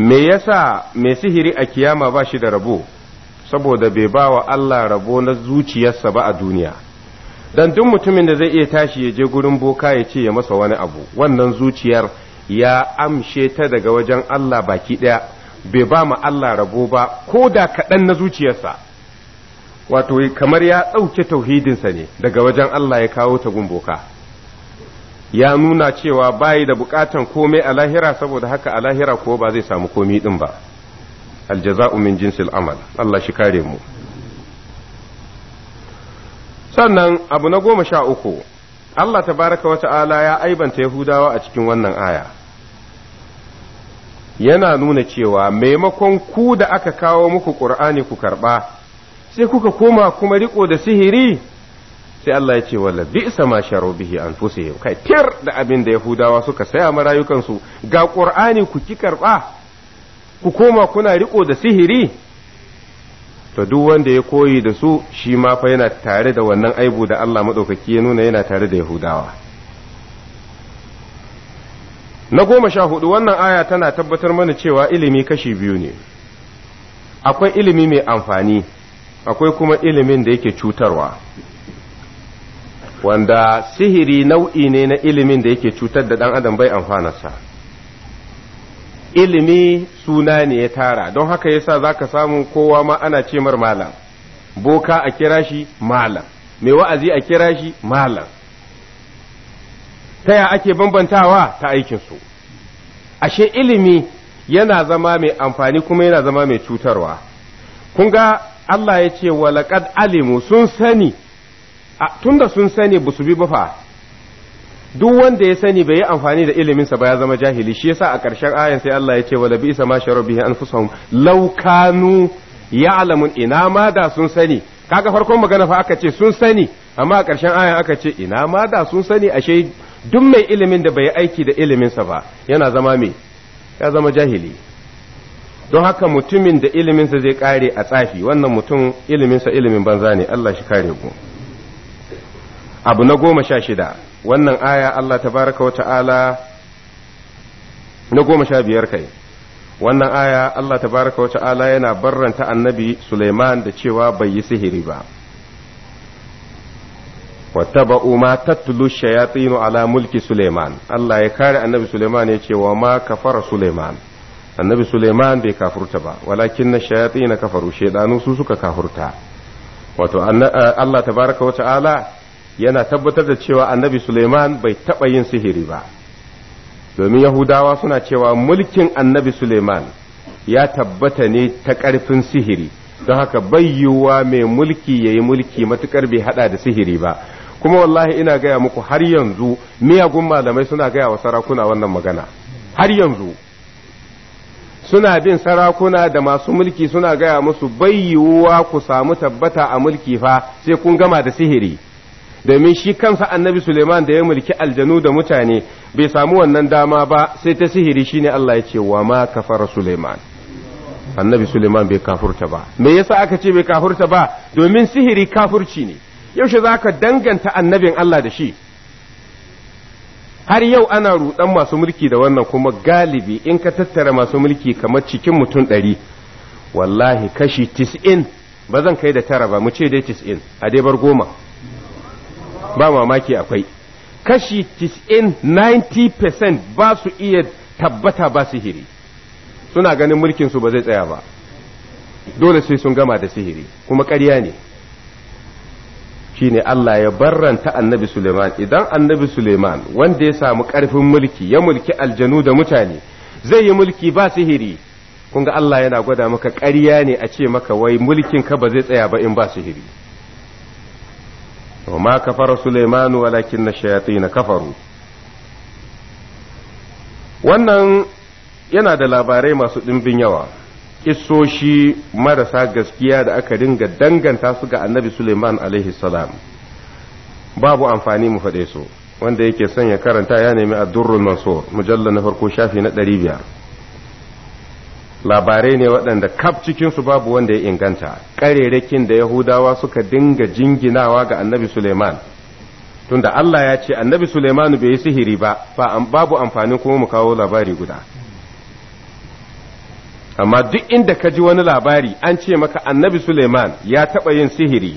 me yasa mai sihiri a kiyama ba shi da rabo saboda bai ba wa Allah rabo na zuciyarsa ba a duniya dan duk mutumin da zai iya tashi ya je gurin boka ya ce ya masa wani abu wannan zuciyar ya amshe ta daga wajen Allah baki ɗaya bai ba ma Allah rabo ba ko da kaɗan na zuciyarsa wato kamar ya ɗauke tauhidinsa ne daga wajen Allah ya kawo ta gun boka ya nuna cewa bayi da bukatan komai a lahira saboda haka a lahira ko ba zai samu komi din ba aljaza'u min jinsil amal Allah shi kare mu sannan abu na goma sha uku Allah tabaraka wa ta'ala ya aibanta Yahudawa a cikin wannan aya yana nuna cewa maimakon ku da aka kawo muku ƙur'ani ku karba sai kuka koma kuma riko da sihiri sai Allah ya ce wala bi sama sharu bihi anfusihim kai tir da abin da yahudawa suka saya ma rayukansu ga qur'ani ku ki karba ku koma kuna riko da sihiri to duk wanda ya koyi da su shi ma fa yana tare da wannan aibu da Allah madaukaki ya nuna yana tare da yahudawa na goma sha hudu wannan aya tana tabbatar mana cewa ilimi kashi biyu ne akwai ilimi mai amfani akwai kuma ilimin da yake cutarwa wanda sihiri nau'i ne na ilimin da yake cutar da ɗan adam bai amfanarsa ilimi suna ne ya tara don haka yasa za ka samu kowa ma ana ce mar malam boka a kira shi malam mai wa'azi a kira shi malam ta ake bambantawa ta aikin su ashe ilimi yana zama mai amfani kuma yana zama mai cutarwa kun ga Allah ya ce walaƙad alimu sun sani tunda sun sani ba su bi ba fa duk wanda ya sani bai yi amfani da iliminsa ba ya zama jahili shi yasa a ƙarshen ayan sai Allah ya ce wala bi isa ma sharu bihi anfusuhum law kanu ya'lamun ina ma da sun sani kaga farkon magana fa aka ce sun sani amma a ƙarshen ayan aka ce ina ma da sun sani ashe duk mai ilimin da bai yi aiki da iliminsa ba yana zama me ya zama jahili don haka mutumin da iliminsa zai kare a tsafi wannan mutum iliminsa ilimin banza ne Allah shi kare ku. abu na goma sha shida wannan aya Allah tabaraka wa ta'ala na goma sha biyar kai wannan aya Allah tabaraka wa ta'ala yana barranta annabi Suleiman da cewa bai yi sihiri ba wattaba'u ma ya tsino ala mulki Suleiman Allah ya kare annabi Suleiman ya ce wa ma kafara Suleiman annabi Suleiman bai kafurta ba walakin na shayatina kafaru shaidanu su suka kafurta wato Allah tabaraka wa ta'ala yana tabbatar da cewa annabi Suleiman bai taɓa yin sihiri ba domin Yahudawa suna cewa mulkin annabi Suleiman ya tabbata ne ta ƙarfin sihiri don haka bai yiwuwa mai mulki ya yi mulki matuƙar bai haɗa da sihiri ba kuma wallahi ina gaya muku har yanzu miyagun malamai suna gaya wa sarakuna wannan magana har yanzu suna bin sarakuna da masu mulki suna gaya musu bai yiwuwa ku samu tabbata a mulki fa sai kun gama da sihiri domin shi kansa annabi Suleiman da ya mulki aljanu da mutane bai samu wannan dama ba sai ta sihiri shine Allah ya ce wa ma kafara Suleiman annabi Suleiman bai kafurta ba me yasa aka ce bai kafurta ba domin sihiri kafurci ne yaushe za ka danganta annabin Allah da shi har yau ana rudan masu mulki da wannan kuma galibi in ka tattara masu mulki kamar cikin mutum ɗari wallahi kashi tis'in ba zan kai da tara ba mu ce dai tis'in a dai bar goma ba mamaki akwai kashi 90% ba su iya tabbata ba sihiri suna ganin mulkin su ba zai tsaya ba dole sai sun gama da sihiri kuma ƙarya ne Shi ne Allah ya barranta annabi Suleiman idan annabi Suleiman wanda ya samu ƙarfin mulki ya mulki aljanu da mutane zai yi mulki ba sihiri kunga Allah yana gwada maka ƙarya ne a ce maka wai mulkin ka ba zai tsaya ba in ba sihiri wa ma kafara Sulaimanu walakin na kafaru wannan yana da labarai masu ɗimbin yawa kissoshi marasa gaskiya da aka dinga danganta su ga annabi Suleiman alaihi salam babu amfani mu faɗe su wanda yake son ya karanta ya nemi addurrul mansur mujallar na farko shafi na ɗari biyar labarai ne waɗanda kaf cikinsu babu wanda ya inganta ƙarerakin da yahudawa suka dinga jinginawa ga annabi suleiman tunda allah ya ce annabi suleimanu bai yi sihiri ba babu amfani kuma mu kawo labari guda amma duk inda ka ji wani labari an ce maka annabi suleiman ya taɓa yin sihiri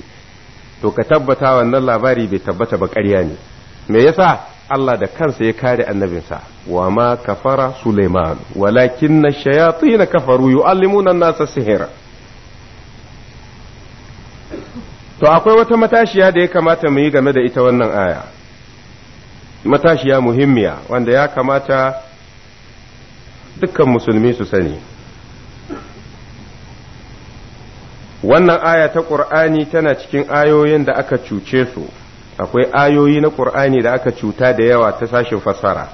to ka tabbata wannan labari bai tabbata ba ƙarya ne me yasa Allah da kansa ya kare annabinsa wa ma kafara Suleiman walakin na shayatin kafaru yu'allimuna nasa sihira to akwai wata matashiya da ya kamata mu yi game da ita wannan aya matashiya muhimmiya wanda ya kamata dukkan musulmi su sani wannan aya ta ƙur'ani tana cikin ayoyin da aka cuce su akwai ayoyi na ƙur'ani da aka cuta da yawa ta sashin fassara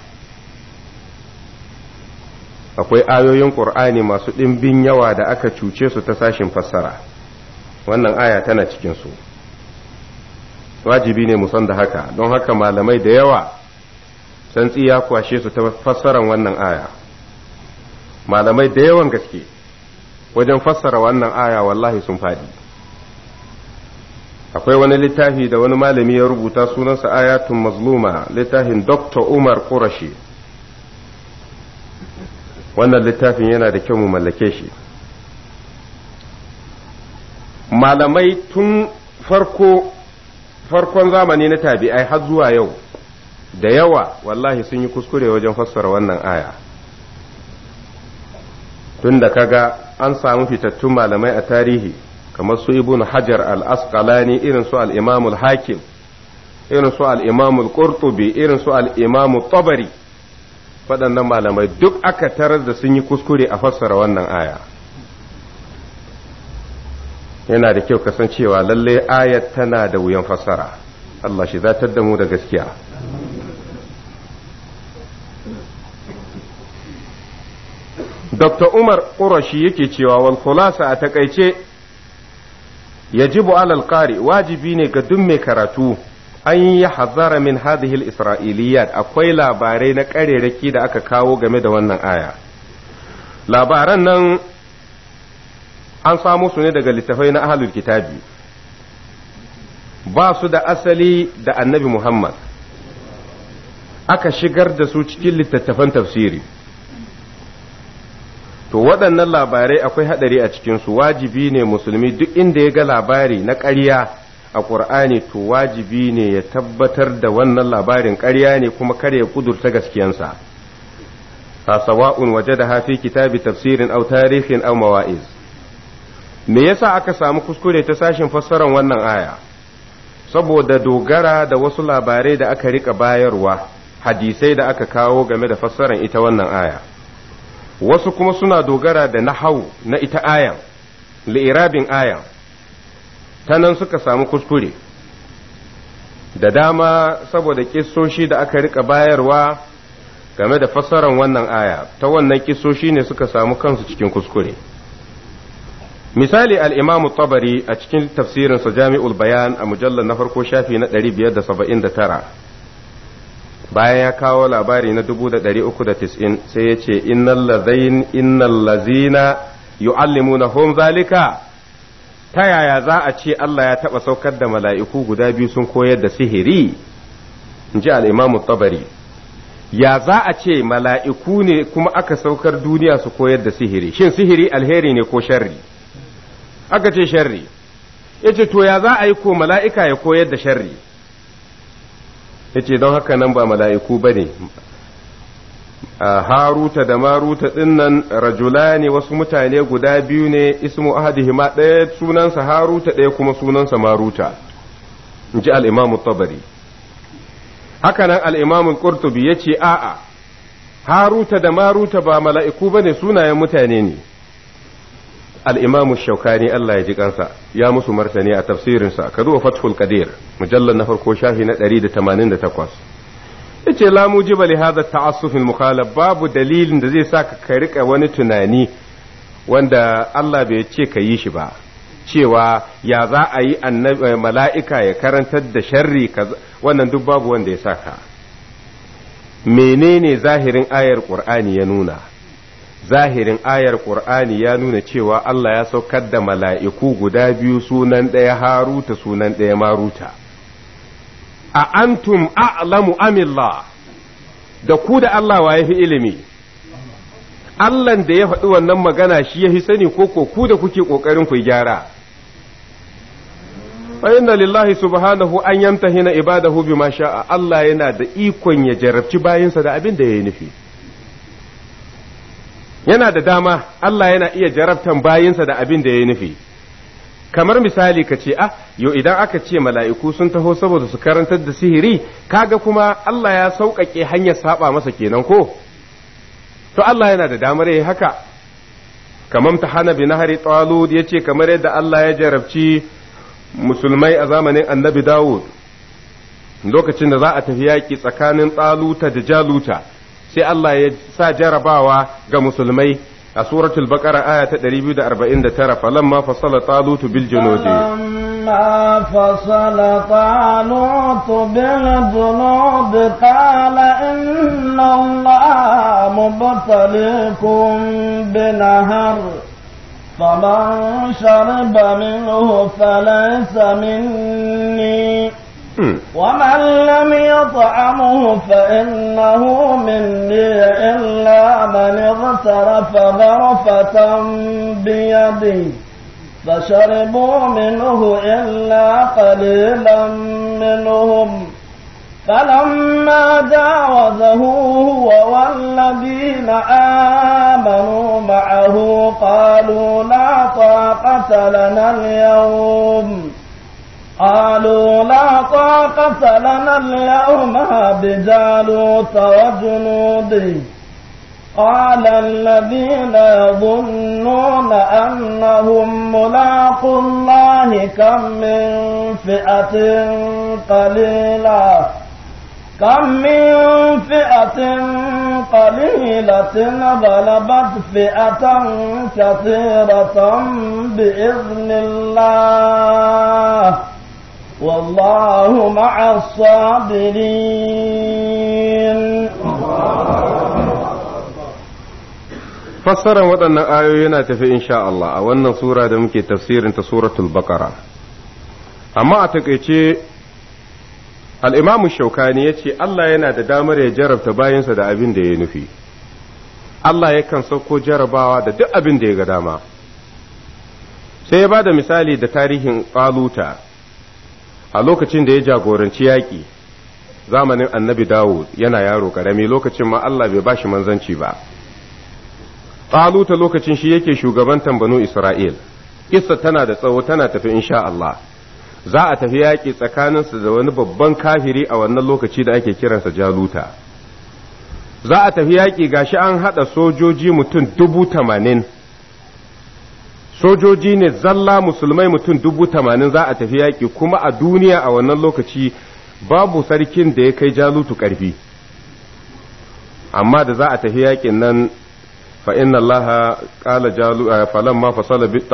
akwai ayoyin ƙur'ani masu ɗimbin yawa da aka cuce su ta sashin fassara wannan aya tana cikinsu wajibi ne mu san da haka don haka malamai da yawa santsi ya kwashe su ta fassaran wannan aya malamai da yawan gaske wajen fassara wannan aya wallahi sun faɗi akwai wani littafi da wani malami ya rubuta sunansa ayatun mazluma littafin dr umar kurashi wannan littafin yana da kyau mu mallake shi malamai tun farko farkon zamani na tabi'ai har zuwa yau da yawa wallahi sun yi kuskure wajen fassara wannan aya tun da kaga an samu fitattun malamai a tarihi kamar su ibn hajar al-asqalani irin su al-imam al-hakim irin su al-imam al-qurtubi irin su al-imam tabari waɗannan malamai duk aka tarar da sun yi kuskure a fassara wannan aya yana da kyau kasancewa lalle ayat tana da wuyan fassara Allah shi za da mu da gaskiya Dr. Umar ƙurashi yake cewa wal khulasa a taƙaice. yajibu alal qari wajibi ne ga duk mai karatu an yi hazara min hadhihi al akwai labarai na ƙarerake da aka kawo game da wannan aya labaran nan an samo su ne daga littafai na ahlul kitabi ba su da asali da annabi muhammad aka shigar da su cikin littattafan tafsiri to waɗannan labarai akwai haɗari a cikinsu wajibi ne musulmi duk inda ya ga labari na ƙarya a ƙur'ani to wajibi ne ya tabbatar da wannan labarin ƙarya ne kuma kar ya kudurta gaskiyansa a sawa'un waje da hafi kitabi tafsirin au tarihin au mawa'iz me yasa aka samu kuskure ta sashin fassaran wannan aya saboda dogara da wasu labarai da aka rika bayarwa hadisai da aka kawo game da fassarar ita wannan aya wasu kuma suna dogara da nahau na ita ayan li'irabin ayan ta nan suka samu kuskure da dama saboda kisoshi da aka rika bayarwa game da fassarar wannan aya ta wannan kisoshi ne suka samu kansu cikin kuskure misali al'imamu tabari a cikin tafsirinsa jami'ul bayan a mujallar na farko shafi na 579 bayan ya kawo labari na 390 sai ya ce innal ladhain innal lazina yu'allimuna hum zalika ta yaya za a ce Allah ya taba saukar da mala'iku guda biyu sun koyar da sihiri in ji al-imamu tabari ya za a ce mala'iku ne kuma aka saukar duniya su koyar da sihiri shin sihiri alheri ne ko sharri aka ce sharri yace to ya za a yi ko mala'ika ya koyar da sharri yace don haka nan ba mala'iku bane haruta da maruta dinnan rajulani wasu mutane guda biyu ne ismu ahadihima ɗaya sunansa haruta ɗaya kuma sunansa maruta in ji al'imamu tabari hakanan al'imamun ƙurtubi ya ce a'a haruta da maruta ba mala'iku ba ne sunayen mutane ne al shaukani Allah ya ji kansa ya musu martani a tafsirinsa ka zuwa fathul kadir mujallar na farko shafi na 188 yace ce mujiba li hada ta'assuf al-mukhalaf babu dalilin da zai sa ka rika wani tunani wanda Allah bai ce ka yi shi ba cewa ya za a yi mala'ika ya karantar da sharri wannan duk babu wanda ya saka menene zahirin ayar qur'ani ya nuna zahirin ayar qur'ani ya nuna cewa Allah ya saukar da mala'iku guda biyu sunan ɗaya haruta sunan ɗaya maruta. A antum a'lamu amillah da ku da Allah wa ya fi ilimi, allah da ya faɗi wannan magana shi ya fi sani ko ko ku da kuke ƙoƙarin ku gyara. inna lillahi subhanahu an yamtahina ibadahu bima sha'a Allah yana da ikon ya jarabci bayinsa da abin da ya yi nufi. yana da dama Allah yana iya jarabtan bayinsa da abin da ya nufi kamar misali ka ce ah yo idan aka ce mala'iku sun taho saboda su karantar da sihiri kaga kuma Allah ya sauƙaƙe hanyar saba masa kenan ko to Allah yana da damar yayi haka kamar ta hana bi nahari talud yace kamar yadda Allah ya jarabci musulmai a zamanin annabi Dawud lokacin da za a tafi yaƙi tsakanin tsaluta da jaluta sai Allah ya sa jarabawa ga musulmai a suratul baqara aya ta 249 falamma fasala talut bil junudi falamma فلما فصل طالوت بالجنود قال إن الله مبتليكم بنهر فمن شرب منه فليس مني ومن لم يطعمه فإنه مني إلا من اغترف غرفة بيدي فشربوا منه إلا قليلا منهم فلما جاوزه هو والذين آمنوا معه قالوا لا طاقة لنا اليوم قالوا لا طاقة لنا اليوم بجالوت وجنوده قال الذين يظنون أنهم ملاقو الله كم من فئة قليلة كم من فئة قليلة غلبت فئة كثيرة بإذن الله والله مع الصابرين fassarar waɗannan ayoyi yana tafi insha Allah a wannan sura da muke tafsirin ta suratul baqara amma a takaice al'imamu shaukani ya ce Allah yana da damar ya jarabta bayansa da abin da ya nufi Allah yakan sauko jarabawa da duk abin da ya ga dama sai ya bada misali da tarihin ƙaluta a lokacin da ya jagoranci yaƙi zamanin annabi dawud yana yaro ƙarami lokacin ma Allah bai bashi manzanci ba ta lokacin shi yake shugabantan banu isra'il kissa tana da tsawo tana tafi insha Allah za a tafi yaƙi tsakaninsa da wani babban kafiri a wannan lokaci da ake kiransa jaluta za a tafi yaƙi gashi an haɗa sojoji mutum dubu tamanin sojoji ne zalla musulmai mutum dubu tamanin za a tafi yaƙi kuma a duniya a wannan lokaci babu sarkin da ya kai jalutu ƙarfi amma da za a tafi yaƙin nan فإن الله ma fa eh, sala فصل bil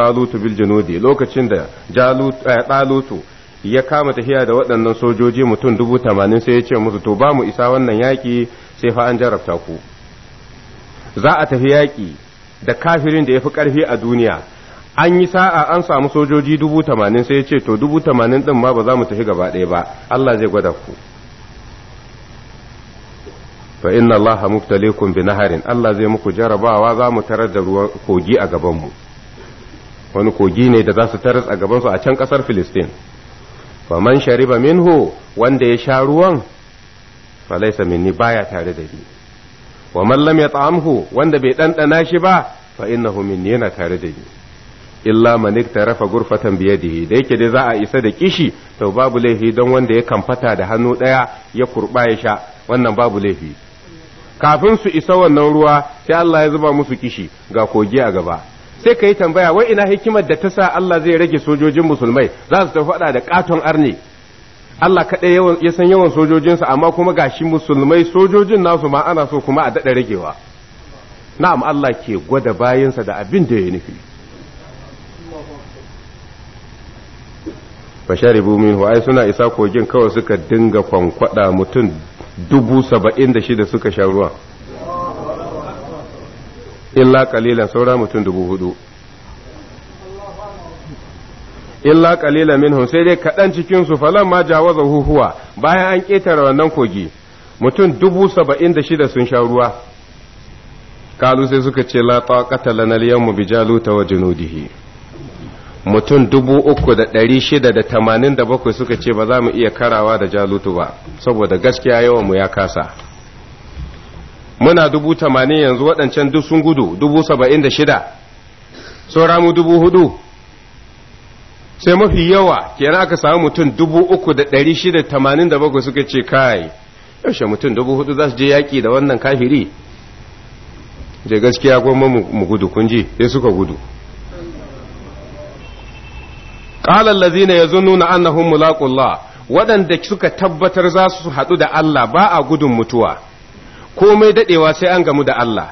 بالجنود lokacin da جالوت eh, ya kama tafiya da waɗannan sojoji mutum dubu tamanin sai ya ce musu to ba mu isa wannan yaƙi sai fa an jarabta ku za a tafi yaƙi da kafirin da ya fi ƙarfi a duniya an yi sa'a an samu sojoji dubu tamanin sai ya ce to dubu tamanin ɗin ma ba za mu tafi gaba ɗaya ba Allah zai gwada ku fa inna Allah muftalikum bi naharin Allah zai muku jarabawa za mu tarar da ruwan kogi a gabanmu. wani kogi ne da za su taras a gaban a can kasar Filistin fa man shariba minhu wanda ya sha ruwan fa laysa minni baya tare da ni wa man lam yat'amhu wanda bai ɗanɗana shi ba fa innahu minni yana tare da ni illa manik ta rafa gurfatan biyadihi da yake dai za a isa da kishi to babu laifi don wanda ya kamfata da hannu ɗaya ya kurɓa ya sha wannan babu laifi kafin su isa wannan ruwa sai Allah ya zuba musu kishi ga kogi a gaba sai ka yi tambaya wai ina hikimar da ta sa Allah zai rage sojojin musulmai za su tafi faɗa da katon arne Allah kaɗai ya san yawan sojojinsa amma kuma gashi musulmai sojojin nasu ma ana so kuma a daɗa ragewa na'am Allah ke gwada bayansa da abin da ya nufi fasharibu minhu ai suna isa kogin kawai suka dinga kwankwada mutum dubu saba'in da shida suka sha ruwa illa kalilan saura mutum dubu hudu illa kalila minhum sai dai kaɗan cikinsu falan ma jawaza huhuwa bayan an ƙetare wannan kogi mutum dubu saba'in da shida sun sha ruwa kalu sai suka ce la taqata lana al-yawma bi jaluta wa junudihi mutum dubu uku da dari shida da tamanin da bakwai suka ce ba za mu iya karawa da jalutu ba saboda gaskiya yawan mu ya kasa muna dubu tamanin yanzu waɗancan duk sun gudu dubu saba'in da shida saura dubu hudu sai mafi yawa kenan aka samu mutum dubu uku da dari shida tamanin da bakwai suka ce kai yaushe mutum dubu hudu za su je yaƙi da wannan kafiri je gaskiya goma mu gudu kun ji sai suka gudu qala allazina yazunnuna annahum mulaqullah waɗanda suka tabbatar za su haɗu da Allah ba a gudun mutuwa komai daɗewa sai an gamu da Allah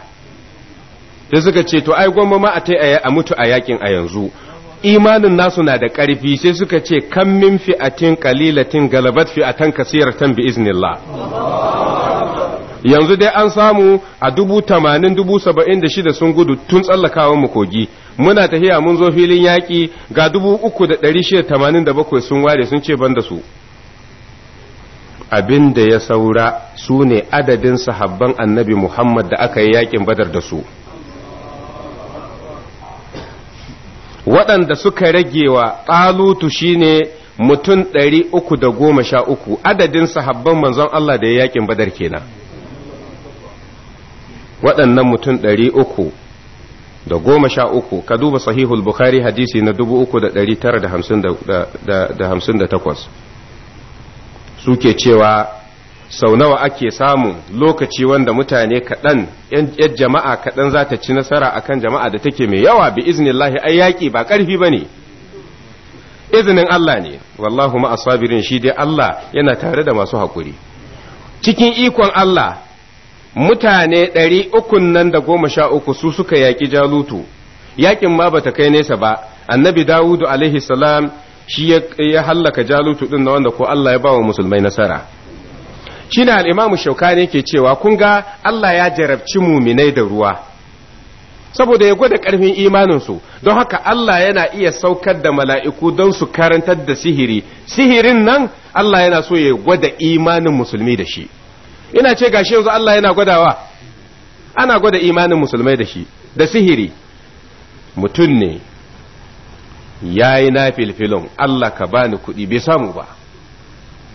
da suka ce to ai gwamma ma a tai a mutu a yakin a yanzu imanin nasu na da ƙarfi sai suka ce kan min fi'atin qalilatin galabat fi'atan kasiratan bi iznillah yanzu dai an samu a dubu tamanin dubu saba'in da shida sun gudu tun tsallakawan mu kogi muna tahiya mun zo filin yaƙi ga dubu uku da ɗari shida tamanin da bakwai sun ware sun ce ban da su abin da ya saura su ne adadin sahabban annabi muhammad da aka yi yaƙin badar da su waɗanda suka ragewa shi shine mutum ɗari uku da goma sha uku adadin sahabban manzon Allah da ya yaƙin badar kenan waɗannan mutum ɗari uku da goma sha uku ka duba sahihul bukhari hadisi na dubu uku da ɗari tara da hamsin da takwas suke cewa sau nawa ake samu lokaci wanda mutane kaɗan yan jama'a kaɗan za ta ci nasara akan jama'a da take mai yawa bi iznillahi ai yaƙi ba ƙarfi ba ne izinin Allah ne wallahu ma asabirin shi dai Allah yana tare da masu haƙuri cikin ikon Allah mutane ɗari ukun nan da goma sha uku su suka yaƙi jalutu yaƙin ma bata kai nesa ba annabi dawudu alaihi salam shi ya hallaka jalutu ɗin na wanda ko Allah ya bawa musulmai nasara na al shauka ne ke cewa kun ga Allah ya jarabci muminai da ruwa saboda ya gwada ƙarfin imaninsu don haka Allah yana iya saukar da mala'iku don su karantar da sihiri sihirin nan Allah yana so ya gwada imanin musulmi da shi ina ce gashi yanzu Allah yana gwadawa ana gwada imanin musulmai da shi da sihiri mutum ne ya yi na filfilin Allah ka bani kuɗi bai samu ba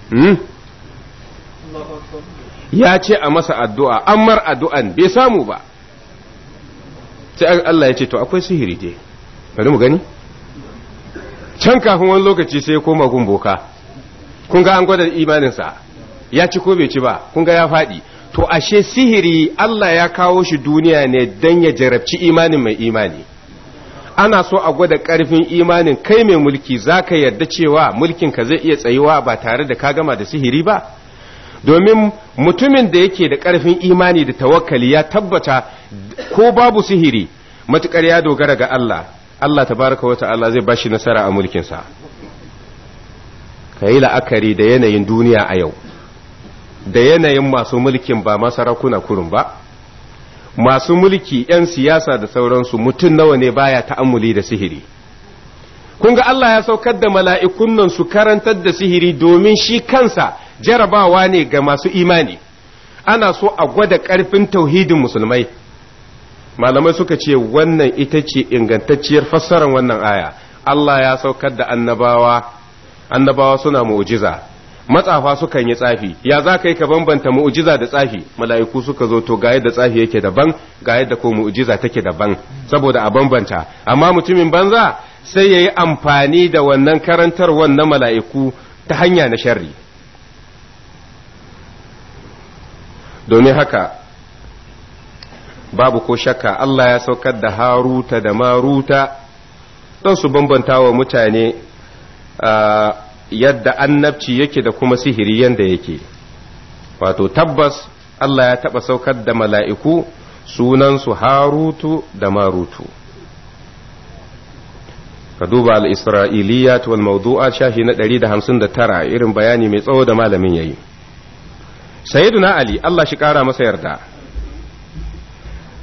hmm? ya ce a masa addu'a an mar addu'an bai samu ba sai Allah ya ce to akwai sihiri dai bari mu gani can kafin wani lokaci sai ya koma gun kun ga an gwada imaninsa ya ci ko bai ci ba kun ga ya faɗi to ashe sihiri Allah ya kawo shi duniya ne don ya jarabci imanin mai imani ana so a gwada ƙarfin imanin kai mai mulki za ka yarda cewa mulkin ka zai iya tsayuwa ba tare da ka gama da sihiri ba domin mutumin da yake da ƙarfin imani da tawakkali ya tabbata ko babu sihiri matukar ya dogara ga Allah Allah tabaraka wa ta'ala zai bashi nasara a mulkinsa ka yi la'akari da yanayin duniya a yau da yanayin masu mulkin ba masarakuna kurun ba masu mulki 'yan siyasa da sauransu mutum nawa ne baya ta'ammuli da sihiri kun ga Allah ya saukar da mala'ikun nan su karantar da sihiri domin shi kansa jarabawa ne ga masu imani ana so a gwada karfin tauhidin musulmai malamai suka ce wannan ita ce ingantacciyar fassarar wannan aya Allah ya saukar da annabawa annabawa suna mu'jiza matsafa sukan yi tsafi ya za ka yi ka bambanta mu'ujiza da tsafi mala'iku suka zo to ga yadda tsafi yake daban ga yadda ko mu'ujiza take daban saboda a bambanta amma mutumin banza sai ya yi amfani da wannan karantar na mala'iku ta hanya na sharri domin haka babu ko shakka Allah ya saukar da haruta da maruta don su bambanta wa mutane ah, yadda annabci yake da kuma sihiri yadda yake wato tabbas Allah ya taɓa saukar da mala'iku sunansu harutu da marutu ka duba ya wal mawdu'a shafi na 159 irin bayani mai tsawo da malamin yayi sayyiduna ali Allah shi kara masa yarda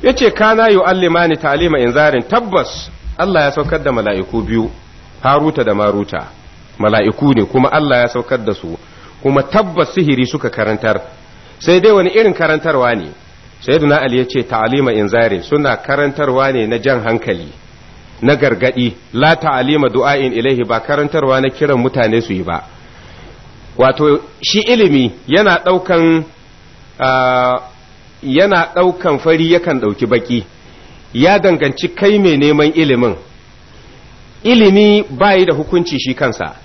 ya ce kana allimani ta'lima inzarin tabbas Allah ya saukar da mala'iku biyu haruta da maruta mala'iku ne kuma Allah ya saukar da su kuma tabbas sihiri suka karantar sai dai wani irin karantarwa ne duna ali ce ta'alima in zare suna karantarwa ne na jan hankali na gargadi la ta'alima in ilaihi ba karantarwa na kiran mutane su yi ba wato shi ilimi yana ɗaukan yana ɗaukan fari yakan ɗauki baki ya danganci kai mai neman ilimin ilimi bayi da hukunci shi kansa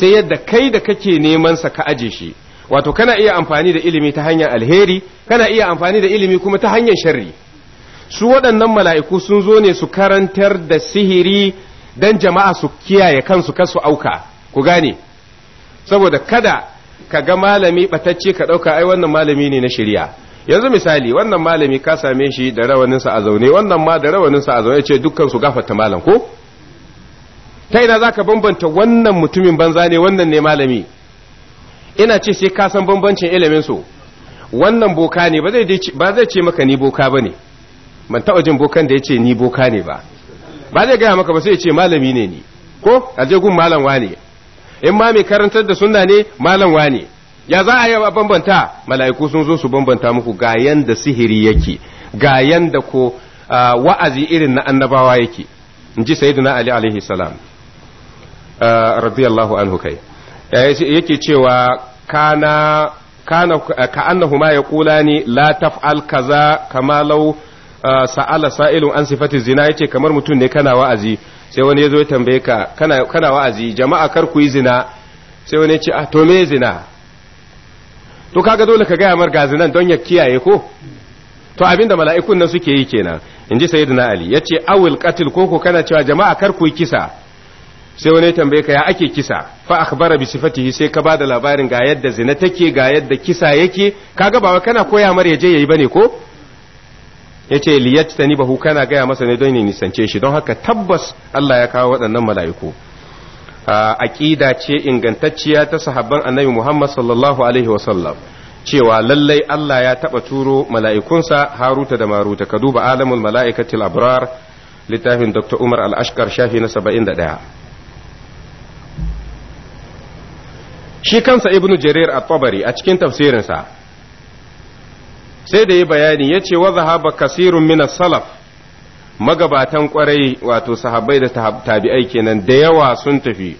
sai yadda kai da kake neman sa ka aje shi wato kana iya amfani da ilimi ta hanyar alheri kana iya amfani da ilimi kuma ta hanyar sharri su waɗannan mala'iku sun zo ne su karantar da sihiri dan jama'a su kiyaye kansu su auka ku gane saboda kada ka ga malami batacce ka ɗauka ai wannan malami ne na shirya yanzu misali wannan malami ka same shi da rawaninsa a zaune wannan ma da rawaninsa a zaune ce dukkan su gafarta malam ko ta ina za ka bambanta wannan mutumin banza ne wannan ne malami ina ce sai ka san bambancin ilimin su wannan boka ne ba zai ce maka ni boka ba ne ban taɓa jin bokan da ya ce ni boka ne ba ba zai gaya maka ba sai ya ce malami ne ni ko a je gun malam in ma mai karantar da sunna ne malam ne ya za a yi bambanta mala'iku sun zo su bambanta muku ga yanda sihiri yake ga yanda ko ah, wa'azi irin na annabawa yake in ji sayyidina ali alaihi salam radiyallahu anhu kai yake cewa kana kana ka annahuma yaqulani la taf'al kaza kama law sa'ala sa'ilun an sifati zina yace kamar mutum ne kana wa'azi sai wani yazo ya tambaye ka kana kana wa'azi jama'a kar ku yi zina sai wani ya ce ah to me zina to kaga dole ka gaya mar gazinan don ya kiyaye ko to abinda mala'ikun nan suke yi kenan inji sayyidina ali yace awil qatl ko ko kana cewa jama'a kar ku yi kisa sai wani tambaye ka ya ake kisa fa akhbara bi sifatihi sai ka bada labarin ga yadda zina take ga yadda kisa yake kaga ba kana koya mar yaje yayi bane ko yace liyattani bahu kana gaya masa ne don ne nisance shi don haka tabbas Allah ya kawo waɗannan mala'iku aqida ce ingantacciya ta sahabban Annabi Muhammad sallallahu alaihi wasallam cewa lallai Allah ya taɓa turo mala'ikunsa Haruta da Maruta ka duba alamul mala'ikatil abrar littafin Dr. Umar al-Ashkar shafi na 71 shi kansa Ibn jarir at-tabari a cikin tafsirinsa sai da yi bayani ya ce wa zahaba kasirun minas salaf magabatan kwarai wato sahabbai da tabi'ai kenan da yawa sun tafi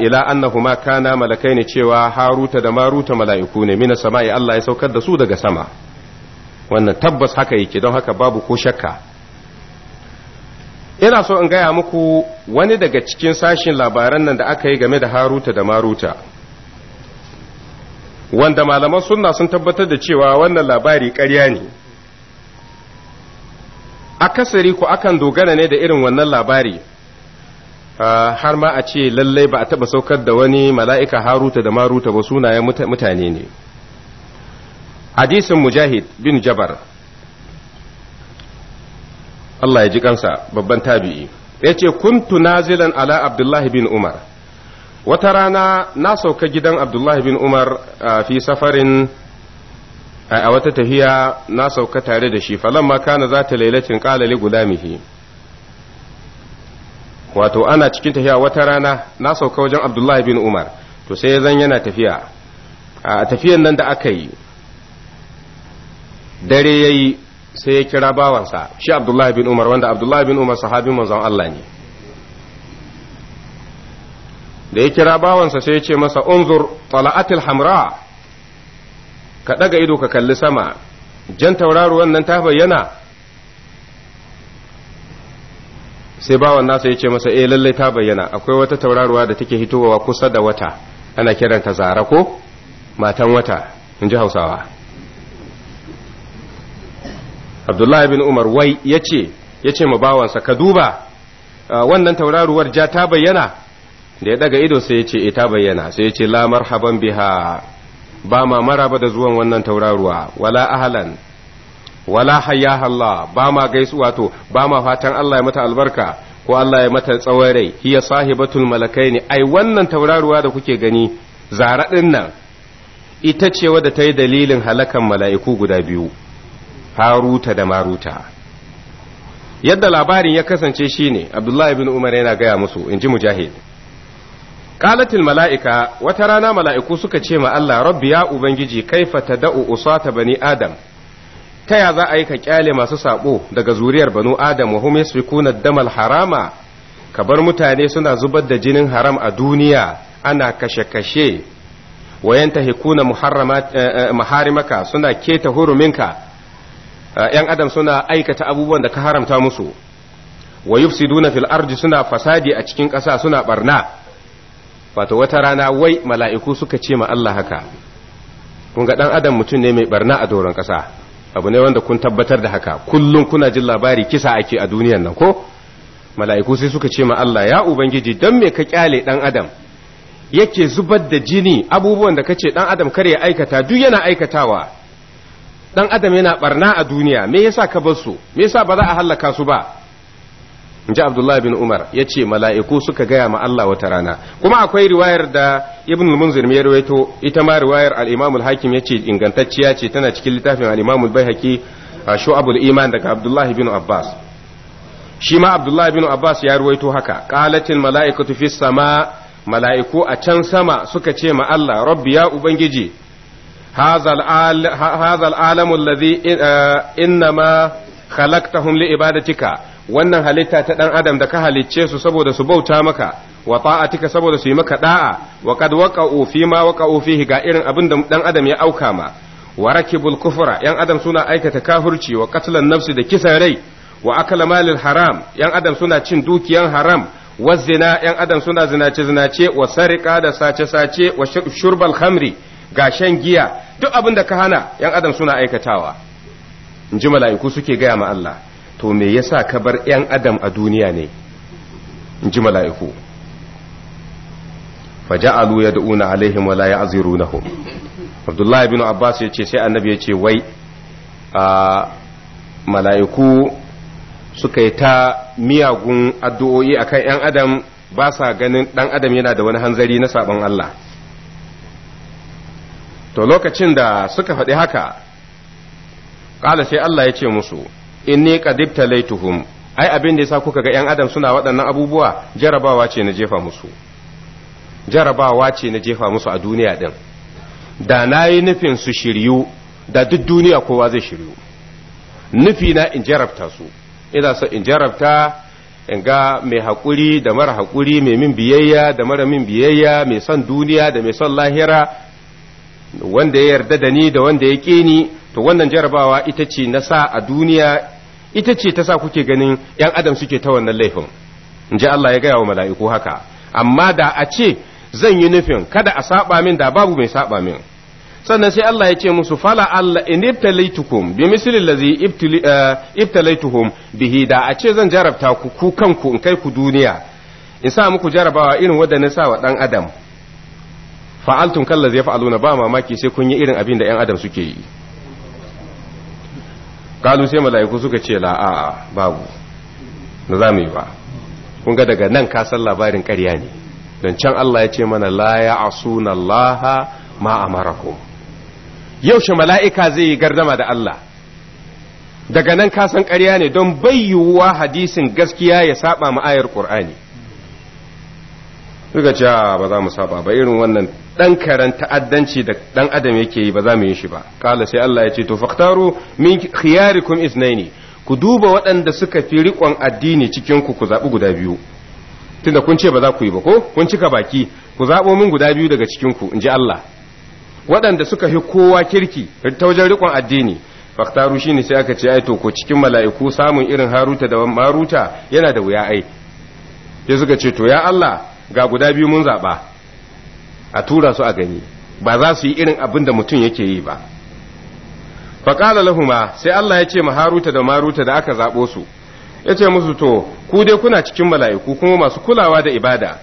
ila annahuma kana malakai ne cewa haruta da maruta mala'iku ne minas sama'i Allah ya saukar da su daga sama wannan tabbas haka yake don haka babu ko shakka ina so in gaya muku wani daga cikin sashin labaran nan da aka yi game da haruta da maruta wanda malaman sunna sun tabbatar da cewa wannan labari ƙarya ne akasari ku akan dogara ne da irin wannan labari har ma a ce lallai ba a taɓa saukar da wani mala'ika haruta da maruta ba sunayen mutane ne hadisin mujahid bin jabar Allah ya ji kansa babban tabi'i ya ce kuntu nazilan ala abdullahi bin umar wata rana na sauka gidan abdullahi bin umar fi safarin a wata tahiya na sauka tare da shi ma kana za ta lailacin kalali gulamihi wato ana cikin tafiya wata rana na sauka wajen abdullahi bin umar to sai zan yana tafiya a tafiyan nan da aka yi dare ya yi sai ya kira bawansa shi abdullahi bin umar wanda abdullahi bin umar sahabin manzon Allah ne da ya kira bawansa sai ya ce masa unzur tala'atil hamra ka ɗaga ido ka kalli sama jan tauraro wannan ta bayyana sai bawan nasa ya ce masa eh lallai ta bayyana akwai wata tauraruwa da take hitowa kusa da wata ana kiranta zara ko matan wata in ji hausawa abdullahi bin umar wai ya ce ya ce ma bawansa ka duba wannan tauraruwar ja ta bayyana da ya daga ido sai ya ce eh, ta bayyana sai ya ce la marhaban biha ba ma maraba da zuwan wannan tauraruwa wala ahalan wala hayya Allah ba ma gaisu wato ba ma fatan Allah ya mata albarka ko Allah ya mata tsawon rai hiya sahibatul malakai ne ai wannan tauraruwa da kuke gani zara nan ita ce wadda ta yi dalilin halakan mala'iku guda biyu haruta da maruta yadda labarin ya kasance shine abdullahi ibn umar yana gaya musu in ji mujahid qalatil mala'ika wata rana mala'iku suka ce ma Allah rabbi ya ubangiji kaifa tada'u usata bani adam ta ya za a yi ka kyale masu sako daga zuriyar banu adam wa hum yasfikuna damal harama ka bar mutane suna zubar da jinin haram a duniya ana kashe-kashe Wayanta tahikuna eh, eh, maharimaka suna keta huruminka Eh, ‘yan adam suna aikata abubuwan da ka haramta musu, wa yufsiduna fil arji suna fasadi a cikin ƙasa suna barna, wato wata rana wai mala'iku suka ce ma Allah haka, kun ga ɗan adam mutum ne mai barna a doron ƙasa, abu ne wanda kun tabbatar da haka, kullum kuna jin labari kisa ake a duniyan nan ko? Mala'iku sai suka ce ma Allah, ya Ubangiji, don me ka kyale ɗan adam? Yake zubar da jini abubuwan da ka ce ɗan adam kar ya aikata duk yana aikatawa. dan adam yana barna a duniya me yasa ka bar su me yasa ba za a hallaka su ba inji abdullahi bin umar ya ce mala'iku suka gaya ma Allah wata rana kuma akwai riwayar da ibn munzir ya rawaito ita ma riwayar al-imam hakim ya ce ingantacciya ce tana cikin littafin al-imam al-baihaqi shu'abul iman daga abdullahi bin abbas shi ma abdullahi bin abbas ya ruwaito haka qalatil mala'ikatu fis sama mala'iku a can sama suka ce ma Allah rabbi ya ubangiji هذا العالم الذي إنما خلقتهم لعبادتك wannan halitta ta ɗan adam da ka halicce su saboda su bauta maka wa ta'atika saboda su yi maka da'a wa qad waqa'u fi ma waqa'u fihi ga irin abin da ɗan adam ya auka ma wa rakibul kufra yan adam suna aikata kafirci wa qatlan nafsi da kisan rai wa akala malil haram yan adam suna cin dukiyan haram wa zina yan adam suna zinace zinace wa sarika da sace sace wa shurbal khamri ga shan giya duk abin da ka hana yan adam suna aikatawa in ji mala'iku suke gaya ma Allah to me yasa ka bar yan adam a duniya ne in ji mala'iku faja'alu yad'una alaihim wa la ya'zirunahum Abdullahi bin Abbas ya ce sai annabi ya ce wai a mala'iku suka yi ta miyagun addu'o'i akan ‘yan adam ba sa ganin ɗan adam yana da wani hanzari na sabon Allah to lokacin da suka faɗi haka ƙala sai Allah ya ce musu in inni qad laituhum ai abin da sa kuka ga yan adam suna waɗannan abubuwa jarabawa ce na jefa musu jarabawa ce na jefa musu a duniya ɗin. da na yi nufin su shiryu da duk duniya kowa zai shiryu nufi na in jarabta su ina so in jarabta in ga mai haƙuri da mara hakuri mai min biyayya da mara min biyayya mai son duniya da mai son lahira wanda ya yarda da ni da wanda ya ƙi ni to wannan jarabawa ita ce na sa a duniya ita ce ta sa kuke ganin ‘yan adam suke ta wannan laifin in ji Allah ya gaya wa mala'iku haka amma da a ce zan yi nufin kada a saba min da babu mai saba min sannan sai Allah ya ce musu fala Allah in ibtalaitukum bi misli allazi eh, ibtalaituhum bihi da a ce zan jarabta ku ku kanku in kai ku duniya in sa muku jarabawa irin wadda na sa wa dan adam fa'altun kalla zai fa’alu na ba mamaki sai kun yi irin abin da ‘yan adam suke yi kalu sai mala'iku suka ce la'a babu na za mu yi ba kun ga daga nan kasan labarin ƙarya ne don can Allah ya ce mana la ya asuna Laha ma a yau yaushe mala'ika zai yi gardama da Allah daga nan kasan ƙarya ne don bayyuwa hadisin gaskiya ya saba ma ayar Qur'ani suka ce ba za mu saba ba irin wannan dan karan ta'addanci da dan adam yake yi ba za mu yi shi ba kala sai Allah ya ce to faktaru min khiyarikum isnaini ku duba waɗanda suka fi riƙon addini cikin ku ku zaɓi guda biyu tunda kun ce ba za ku yi ba ko kun cika baki ku zaɓo min guda biyu daga cikin ku inji Allah waɗanda suka fi kowa kirki ta wajen riƙon addini faktaru shine sai aka ce ai to ko cikin mala'iku samun irin haruta da maruta yana da wuya ai sai suka ce to ya Allah ga guda biyu mun zaɓa a tura su a gani ba za su yi irin abin da mutum yake yi ba qala lahumma sai Allah ya ce ma haruta da maruta da aka zaɓo su ya musu to ku dai kuna cikin mala'iku kuma masu kulawa da ibada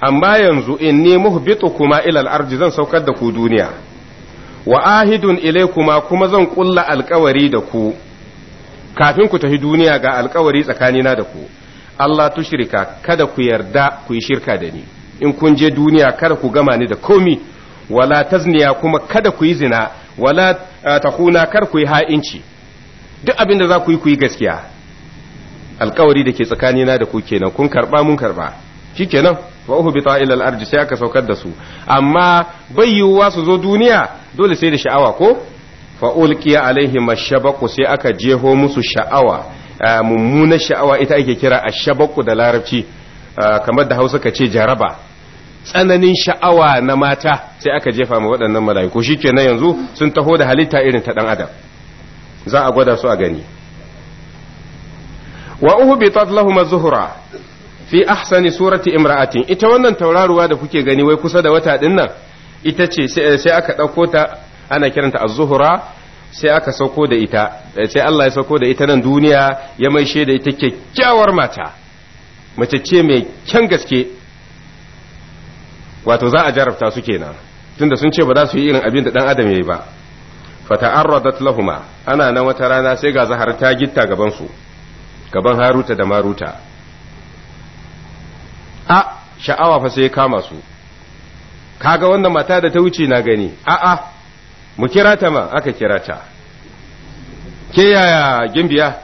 amma yanzu in ni muhbitu kuma ilal arji zan saukar da ku duniya wa ahidun ilaikuma kuma zan kulla alkawari da ku kafin ku tafi duniya ga alkawari tsakanina da ku Allah tushrika kada ku yarda ku yi shirka da ni in kun je duniya kada ku gama ni da komi wala tazniya kuma kada ku yi zina wala eh, takuna kar ku yi ha'inci duk abin da za ku yi ku yi gaskiya alkawari da ke tsakanina da ku kenan kun karba mun karba kenan wa uhu bi ila al sai aka saukar da su amma bai yiwuwa su zo duniya dole sai da sha'awa ko fa ulqiya alaihi sai aka jeho musu sha'awa eh, mummunar sha'awa ita ake kira ashabaqu da larabci eh, kamar da Hausa ka ce jaraba tsananin sha'awa na mata sai aka jefa ma waɗannan mala'iku na yanzu sun taho da halitta irin ta ɗan adam za a gwada su a gani wa uhu bi az fi ahsani surati imra'atin ita wannan tauraruwa da kuke gani wai kusa da wata din nan ita ce sai aka ɗauko ta ana kiranta az-zuhra sai aka sauko da ita sai Allah ya sauko da ita nan duniya ya maishe da ita kyakkyawar mata mace ce mai kyan gaske wato za a jarabta su kenan tunda sun ce ba za su yi irin abin da dan adam yayi ba ta'arradat lahuma ana nan wata rana sai ga zahar ta gitta gaban su gaban haruta da maruta a sha'awa fa sai kama su kaga wannan mata da ta wuce na gani a a mu kira ta ma aka kira ta ke yaya gimbiya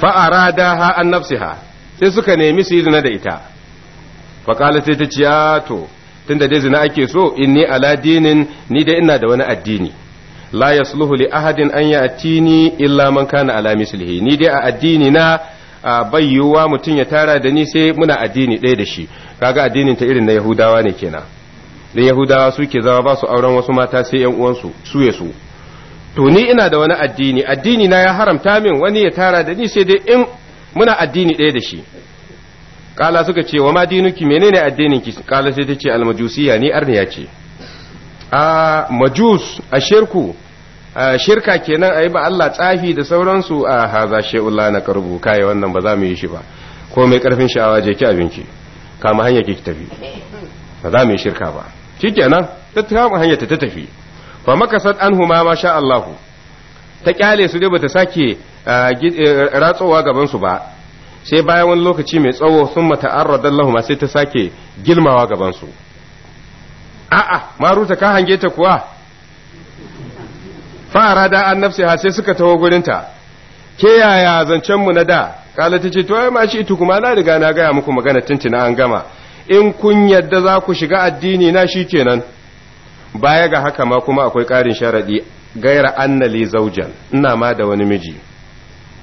arada ha an nafsiha sai suka nemi su yi zina da ita faƙala sai ta ce ya to da dai zina ake so inni ala dinin ni dai ina da wani addini la suluhu li ahadin an tini illa man kana ala mislihi ni dai a addini na a bayyuwa mutum ya tara da ni sai muna addini ɗaya da shi kaga addinin ta irin na yahudawa ne kenan da yahudawa suke zama ba su auren wasu mata sai yan uwansu su ya su to ni ina da wani addini addini na ya haramta min wani ya tara da ni sai dai in muna addini ɗaya da shi kala suka ce wa ma dinuki menene addinin ki kala sai ta ce almajusiya ni arniya ce a majus a shirku a shirka kenan a yi ba Allah tsafi da sauransu a haza she'ulla na karbu kai wannan ba za mu yi shi ba ko mai karfin sha'awa je ki abinki kama hanya ki tafi ba za mu yi shirka ba kenan ta kama hanya ta tafi fa makasat anhuma ma sha Allah ta kyale su dai bata sake eh, ratsowa gaban su ba sai bayan wani lokaci mai tsawo sun mata'arradan lahuma sai ta sake gilmawa gabansu a'a maruta ka hange ta kuwa fara da an nafsi ha sai suka taho gurinta ke yaya zancen mu na da kala ta ce to ai ma shi kuma na riga na gaya muku magana tintina an gama in kun yadda za ku shiga addini na shi kenan baya ga haka ma kuma akwai karin sharaɗi gaira annali zaujan ina ma da wani miji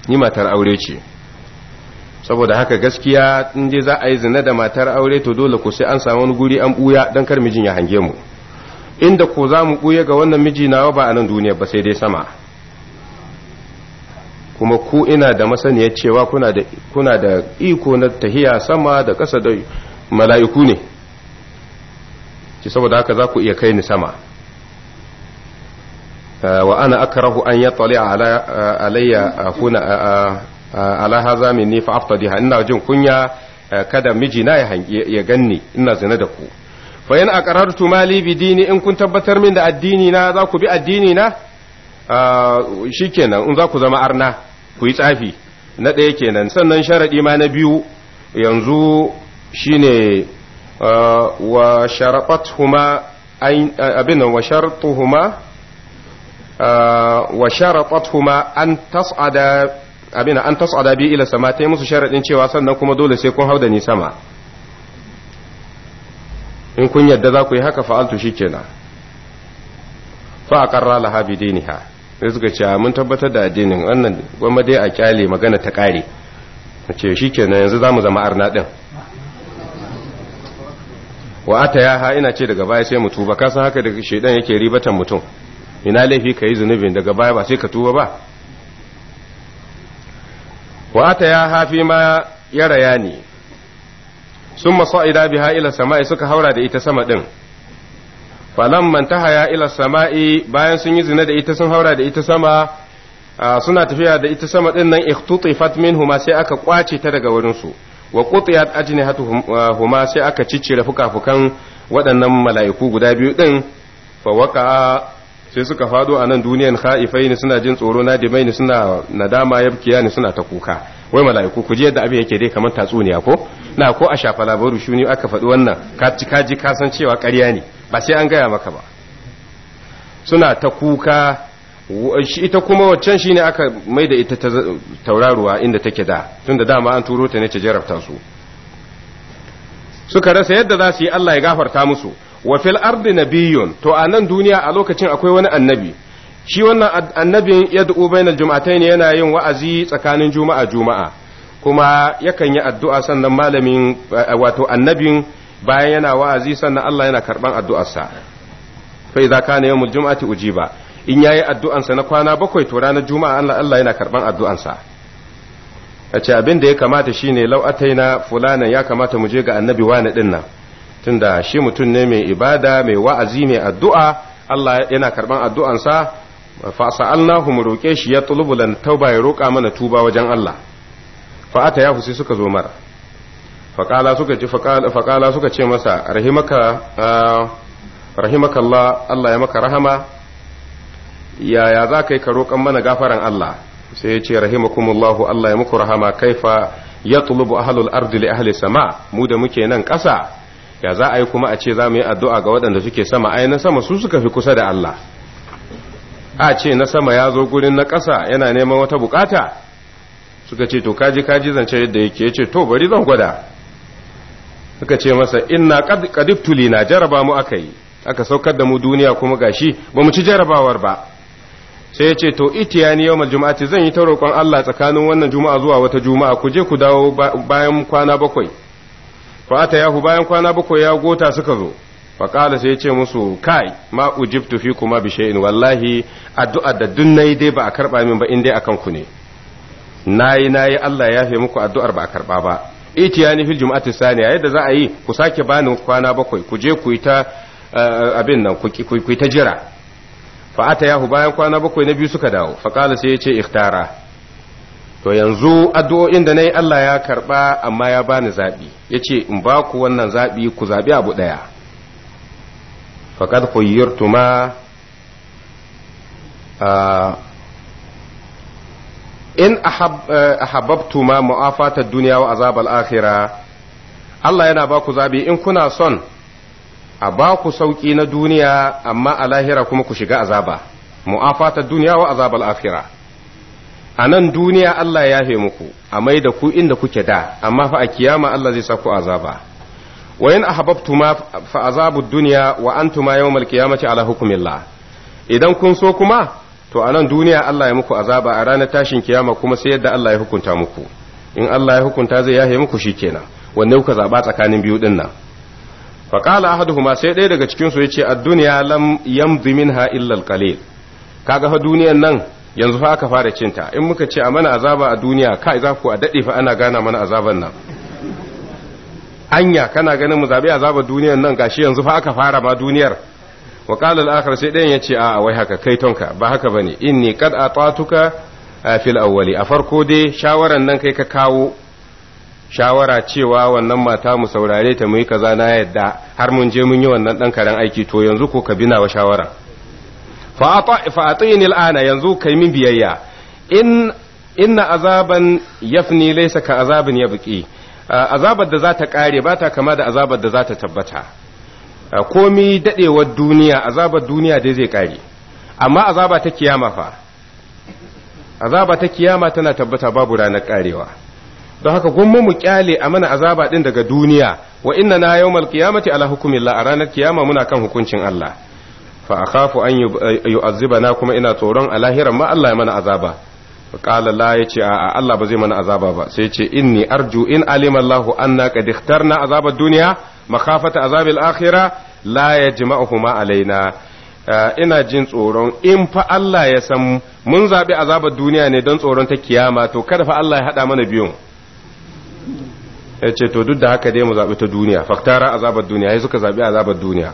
ni matar aure ce saboda haka gaskiya in je za a yi zina da matar aure to dole ku sai an samu wani guri an buya dan kar mijin ya hange mu inda ko za mu buya ga wannan miji nawa ba a nan duniya ba sai dai sama kuma ku ina da masaniyar cewa kuna da kuna da iko na tahiya sama da kasa da mala'iku ne ki saboda haka za ku iya kai ni sama eh, wa ana akrahu an yattali ala alayya akuna Eh, ala haza minni fa aftadiha ina jin kunya eh, kada mijina ya ya ganni ina zina da ku fa in aqrartu mali bi dini in kun tabbatar min da addini na za ku bi addini na eh, shikenan in za ku zama arna ku yi tsafi na ɗaya kenan sannan sharadi ma na biyu yanzu shine wa sharaqathuma abin wa sharatuhuma wa sharaqathuma an tas'ada abin an da bi ila sama ta yi musu sharaɗin cewa sannan kuma dole sai kun hau da ni sama in kun yadda za ku yi haka fa'altu shikenan fa aqarra laha bidiniha sai suka ce mun tabbatar da addinin wannan gwamma dai a kyale magana ta kare ce na yanzu zamu zama arna ɗin. wa ha ina ce daga baya sai mu tuba ka haka da shaidan yake ribatan mutum ina laifi ka yi zunubin daga baya ba sai ka tuba ba wata ya hafi ma ya raya ne sun masa'ida biha ila sama'i suka haura da ita sama ɗin falan mantaha ya ila sama'i bayan sun yi zina da ita sun haura da ita sama suna tafiya da ita sama ɗin nan iktutifat huma sai aka kwace ta daga wurin wurinsu wa qutiyat huma sai aka ciccire fukan waɗannan mala'iku guda biyu ɗin fa waka sai suka fado a nan duniyan kha'ifai ne suna jin tsoro nadimai ne suna nadama yabkiya ne suna ta kuka wai mala'iku ku ji yadda abin yake dai kamar tatsuniya ko na ko a shafa labaru shuni aka faɗi wannan ka ci ka ji ka san cewa ƙarya ne ba sai an gaya maka ba suna ta kuka ita kuma waccan shine aka mai da ita tauraruwa inda take da tunda dama an turo ta ne ta jarabta su suka rasa yadda za su yi Allah ya gafarta musu wa fil ardi nabiyyun to a nan duniya a lokacin akwai wani annabi shi wannan annabin yad'u bainal jum'atayn yana yin wa'azi tsakanin juma'a juma'a kuma yakan yi addu'a sannan malamin eh, wato annabin bayan yana wa'azi sannan Allah yana karban addu'arsa fa idza kana yawmul jum'ati ujiba in yayi addu'ansa na kwana bakwai to ranar juma'a Allah Allah yana karban addu'ansa a ce abin da ya kamata shine lau ataina fulana ya kamata mu je ga annabi wani din nan tunda shi mutum ne mai ibada mai wa'azi mai addu'a Allah yana karban addu'ansa fa sa'alnahu mu roƙe shi ya tulubu tauba ya roƙa mana tuba wajen Allah fa ata yahu sai suka zo mara faƙala suka ce masa ah, rahimaka Allah Allah ya maka rahama yaya za ka yi ka roƙan mana gafaran Allah sai ya ce rahimakumullahu Allah ya muku rahama kaifa ya tulubu ahlul ardi li ahli sama mu da muke nan ƙasa ya za a yi kuma a ce za mu yi addu'a ga waɗanda suke sama yi na sama su suka fi kusa da Allah a ce na sama ya zo gurin na ƙasa yana neman wata bukata suka ce to kaji kaji zance yadda yake ya ce to bari zan gwada suka ce masa ina qadibtuli na jaraba mu aka yi aka saukar da mu duniya kuma gashi ba mu ci jarabawar ba sai ya ce to ni yawmal juma'ati zan yi ta roƙon Allah tsakanin wannan juma'a zuwa wata juma'a ku je ku dawo bayan kwana bakwai fa ta yahu bayan kwana bakwai ya gota suka zo fa kala sai ya ce musu kai ma ujibtu fi kuma bi shay'in wallahi addu'a da dun nayi dai ba a karba min ba in dai akan ku ne nayi nayi Allah ya fi muku addu'ar ba a karba ba itiyani fil sani saniya yadda za a yi ku sake bani kwana bakwai ku je ku yi ta eh, abin nan ku ku ta jira fa ata yahu bayan kwana bakwai na biyu suka dawo fa kala sai ya ce ikhtara to yanzu addu'o'in da na yi Allah ya karɓa amma ya bani zaɓi ya ce in ba ku wannan zaɓi ku zaɓi abu ɗaya faƙad khuyyirtu ma in ahabbabtu ma mu'afatar duniya wa azabal akhira Allah yana ba ku zaɓi in kuna son a ba ku sauƙi na duniya amma a lahira kuma ku shiga azaba mu'afatar duniya wa azabal akhira a nan duniya Allah ya fi muku a mai da ku inda kuke da amma fa a kiyama Allah zai sa ku azaba wa in ahbabtuma fa azabu dunya wa antuma yawmal qiyamati ala hukmillah idan kun so kuma to a nan duniya Allah ya muku azaba a ranar tashin kiyama kuma sai yadda Allah ya hukunta muku in Allah ya hukunta zai yahe muku shikenan wanne kuka zaba tsakanin biyu din nan fa qala ahaduhuma sai ɗaya daga cikin su yace ad-dunya lam yamdi minha illa al-qalil kaga fa duniyar nan yanzu fa aka fara cinta in muka ce a mana azaba a duniya kai za ku a daɗe fa ana gana mana azaban nan anya kana ganin mu zabi azaba duniyar nan gashi yanzu fa aka fara ma duniyar wa qala al akhir sai dan yace a wai haka kai tonka ba haka bane inni qad atatuka fil awwali a farko dai shawaran nan kai ka kawo shawara cewa wannan mata mu saurare ta mu yi kaza na yadda har mun je mun yi wannan dan karen aiki to yanzu ko ka bina wa shawara fa'atini la'ana yanzu kai min biyayya in inna azaban yafni laysa ka azabin yabqi azabar da za ta kare ba ta kama da azabar da za ta tabbata komi dadewar duniya azabar duniya dai zai kare amma azaba ta kiyama fa azaba ta kiyama tana tabbata babu ranar karewa da haka gwamma mu ƙyale a mana azaba ɗin daga duniya wa inna na yawmal qiyamati ala hukumillah a ranar kiyama muna kan hukuncin Allah fa akhafu an na kuma ina tsoron a lahiran ma Allah ya mana azaba qala la yace a Allah ba zai mana azaba ba sai yace inni arju in alima Allahu anna qad ikhtarna azabar duniya dunya makhafata azab al akhira la yajma'uhuma alaina ina jin tsoron in fa Allah ya san mun zabi azabar duniya ne don tsoron ta kiyama to kada fa Allah ya hada mana biyun yace to duk da haka dai mu zabi ta duniya faktara azabar duniya sai suka zabi azabar duniya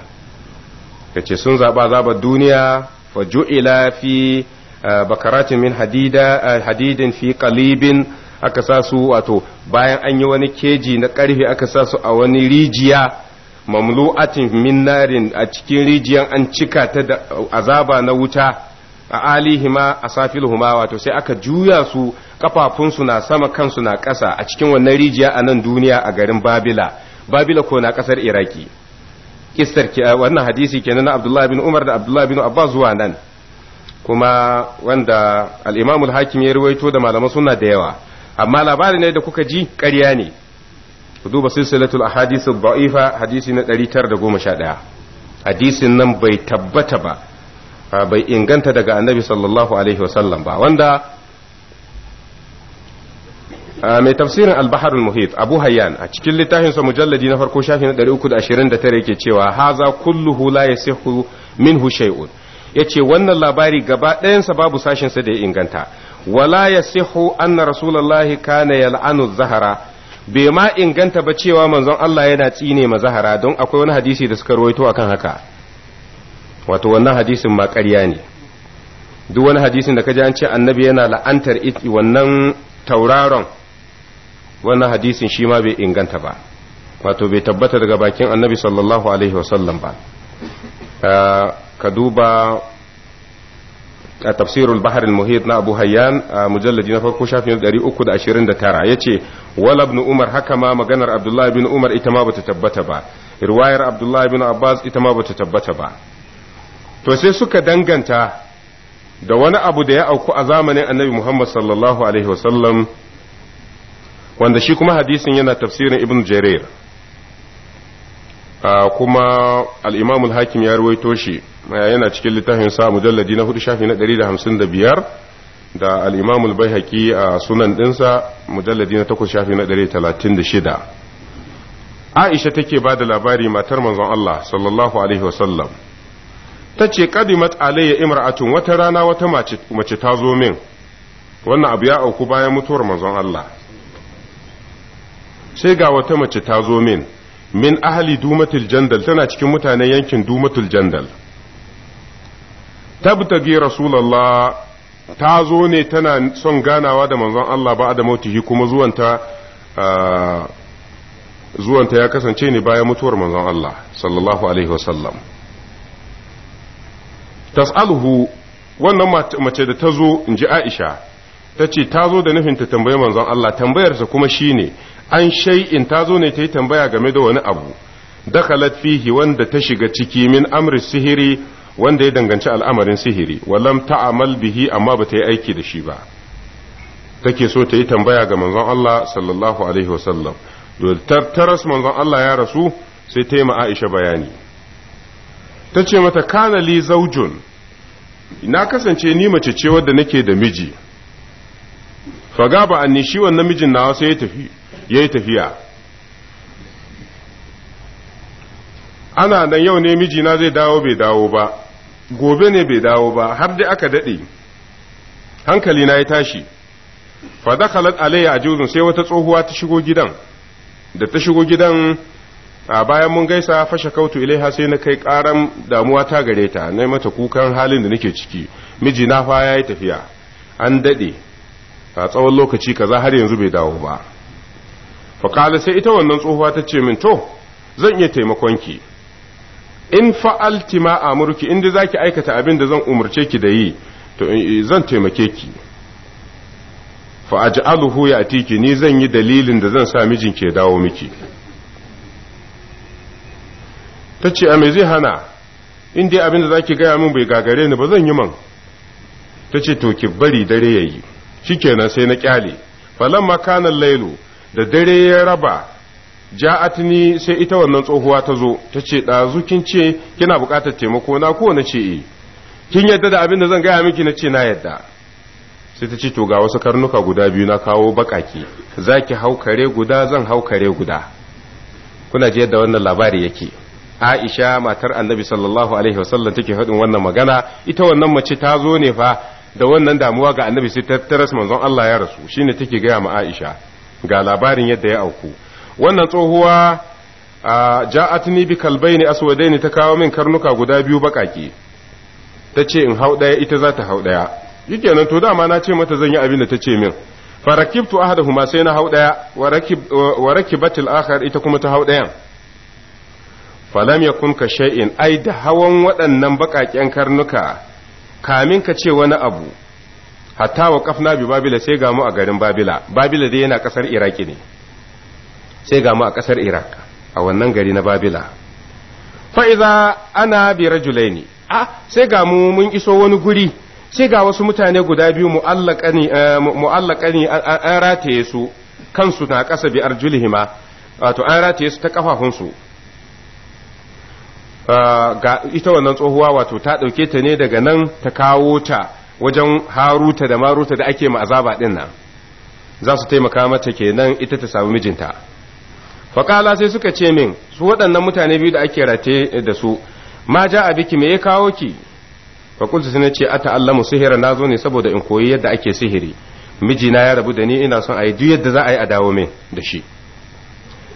yace sun zaba zaba duniya fa ju'ila fi eh, bakaratin min hadida eh, hadidin fi qalibin aka sa wato bayan an yi wani keji na karfe aka sa a wani rijiya mamlu'atin min narin a cikin rijiyan an cika ta da azaba na wuta a alihima a safiluhuma wato sai aka juya su kafafunsu na sama kansu na ƙasa a cikin wannan rijiya a nan duniya a garin babila babila ko na ƙasar iraki ki wannan hadisi kenan na Abdullah bin Umar da Abdullah bin Abbas zuwa nan kuma wanda al-Imam hakim ya ruwaito da malaman suna da yawa amma labari ne da kuka ji ƙarya ne ku duba silsilatul ahadith ad-da'ifa hadisi na 911 hadisin nan bai tabbata ba bai inganta daga annabi sallallahu alaihi wasallam ba wanda Ah, mai tafsirin albahar muhit abu hayyan a cikin littafin sa mujalladi na farko shafi na 329 yake cewa haza kulluhu la yasihu minhu shay'un yace wannan labari gaba ɗayansa babu sashin sa da ya inganta wala yasihu anna rasulullahi kana yal'anu zahara bai ma inganta ba cewa manzon Allah yana tsine ma zahara don akwai wani hadisi da suka rawaito akan haka wato wannan hadisin ma ƙarya ne duk wani hadisin da kaji an ce annabi yana la'antar wannan tauraron wannan hadisin shi ma bai inganta ba wato bai tabbata daga bakin annabi sallallahu alaihi wasallam ba ah, ka duba a tafsirul bahar muhit na abu hayyan a mujallaji na farko shafin 329 ya ce wala ibn umar haka ma maganar abdullahi ibn umar ita ma bata tabbata ba riwayar abdullahi ibn abbas ita ma bata tabbata ba to sai suka danganta da wani abu da ya auku a zamanin annabi muhammad sallallahu alaihi wasallam wanda shi kuma hadisin yana tafsirin ibn jarir ah, kuma al hakim ya ruwaito shi ah, yana cikin littafin sa mujalladi na hudu shafi na 155 da al-imam a sunan ɗinsa mujalladi na 8 shafi na 136 Aisha take ba da labari matar manzon Allah sallallahu alaihi wasallam ta ce kadimat alayya imra'atun wata rana wata mace ta zo min wannan abu ya auku bayan mutuwar manzon Allah sai ga wata mace ta zo min min ahali dumatul jandal tana cikin mutanen yankin dumatul jandal tabtagi rasulullah ta zo ne tana son ganawa da manzon Allah ba da mautihi kuma zuwanta zuwanta ya kasance ne bayan mutuwar manzon Allah sallallahu alaihi wasallam tas'aluhu wannan mace da ta zo in ji Aisha ta ce ta zo da nufin ta tambayi manzon Allah tambayarsa kuma shine an shay'in ta zo ne ta yi tambaya game da wani abu dakhalat fihi wanda ta shiga ciki min amri sihiri wanda ya danganci al'amarin sihiri walam ta'amal bihi amma ba ta yi aiki da shi ba take so ta yi tambaya ga manzon Allah sallallahu alaihi wasallam taras manzon Allah ya rasu sai ta yi ma Aisha bayani ta ce mata kana li zaujun na kasance ni mace ce wadda nake da miji faga ba anni shi wannan mijin nawa sai ya tafi ya yi tafiya ana nan yau ne mijina zai dawo bai dawo ba gobe ne bai dawo ba har dai aka daɗe hankali na ya tashi fa dakhalat alayya a jirgin sai wata tsohuwa ta shigo gidan da ta shigo gidan a bayan mun gaisa fashe kautu ilaiha sai na kai karan damuwa ta gare ta na mata kukan halin da nake ciki mijina na fa yi tafiya an daɗe a tsawon lokaci kaza har yanzu bai dawo ba faƙala sai ita wannan tsohuwa ta ce min to zan iya taimakonki in fa'alti ma a murki inda za ki aikata abin da zan umarce ki da yi to eh, eh, zan taimake ki aluhu ya tiki ni zan yi dalilin da zan sa mijin ke dawo miki ta ce a me zai hana inda abin da za ki gaya min bai gagare ni ba zan yi man ta ce to ki bari dare ya yi shikenan sai na kyale falamma kanan lailu da dare ya raba ja'atni sai ita wannan tsohuwa ta zo ta ce ɗazu kin ce kina buƙatar taimako na ko na ce eh. kin yadda da abin da zan gaya miki na ce na yadda sai ta ce to ga wasu karnuka guda biyu na kawo baƙaƙe za ki hau kare guda zan hau kare guda kuna ji yadda wannan labari yake Aisha matar Annabi sallallahu alaihi wasallam take haɗin wannan magana ita wannan mace ta zo ne fa da wannan damuwa ga Annabi sai ta manzon Allah ya rasu shine take gaya ma Aisha ga labarin yadda ya auku wannan tsohuwa a ja'atni bi kalbaini ne ta kawo min karnuka guda biyu bakaki ta ce in hau ɗaya ita za ta hau ɗaya nan to dama na ce mata zan yi abin da ta ce min farakibtu ahaduhuma sai na hau ɗaya wa rakibatil akhar ita kuma ta hau ɗayan falam yakun ka shay'in ai da hawan waɗannan baƙaƙen karnuka kamin ka ce wani abu hatta wa kafna bi babila sai ga mu a garin babila babila dai yana kasar iraki ne sai ga mu a kasar iraq a wannan gari na babila fa'iza ana bi rajulaini a sai ga mu mun iso wani guri sai ga wasu mutane guda biyu mu'allaka ne eh, an rataye su kansu na ƙasa bi arjulihima wato an rataye su ta kafafunsu ah, ga ita wannan tsohuwa wato ta ɗauke ta ne daga nan ta kawo ta wajen haruta da maruta da ake ma'azaba din nan za su taimaka mata kenan ita ta samu mijinta faƙala sai suka ce min su waɗannan mutane biyu da ake rate eh, da su ma ja a biki me ya kawo ki faƙultu sai ce a ta'allamu sihira na zo ne saboda in koyi yadda ake sihiri mijina ya rabu da ni ina son a yi duk yadda za a yi a dawo min da shi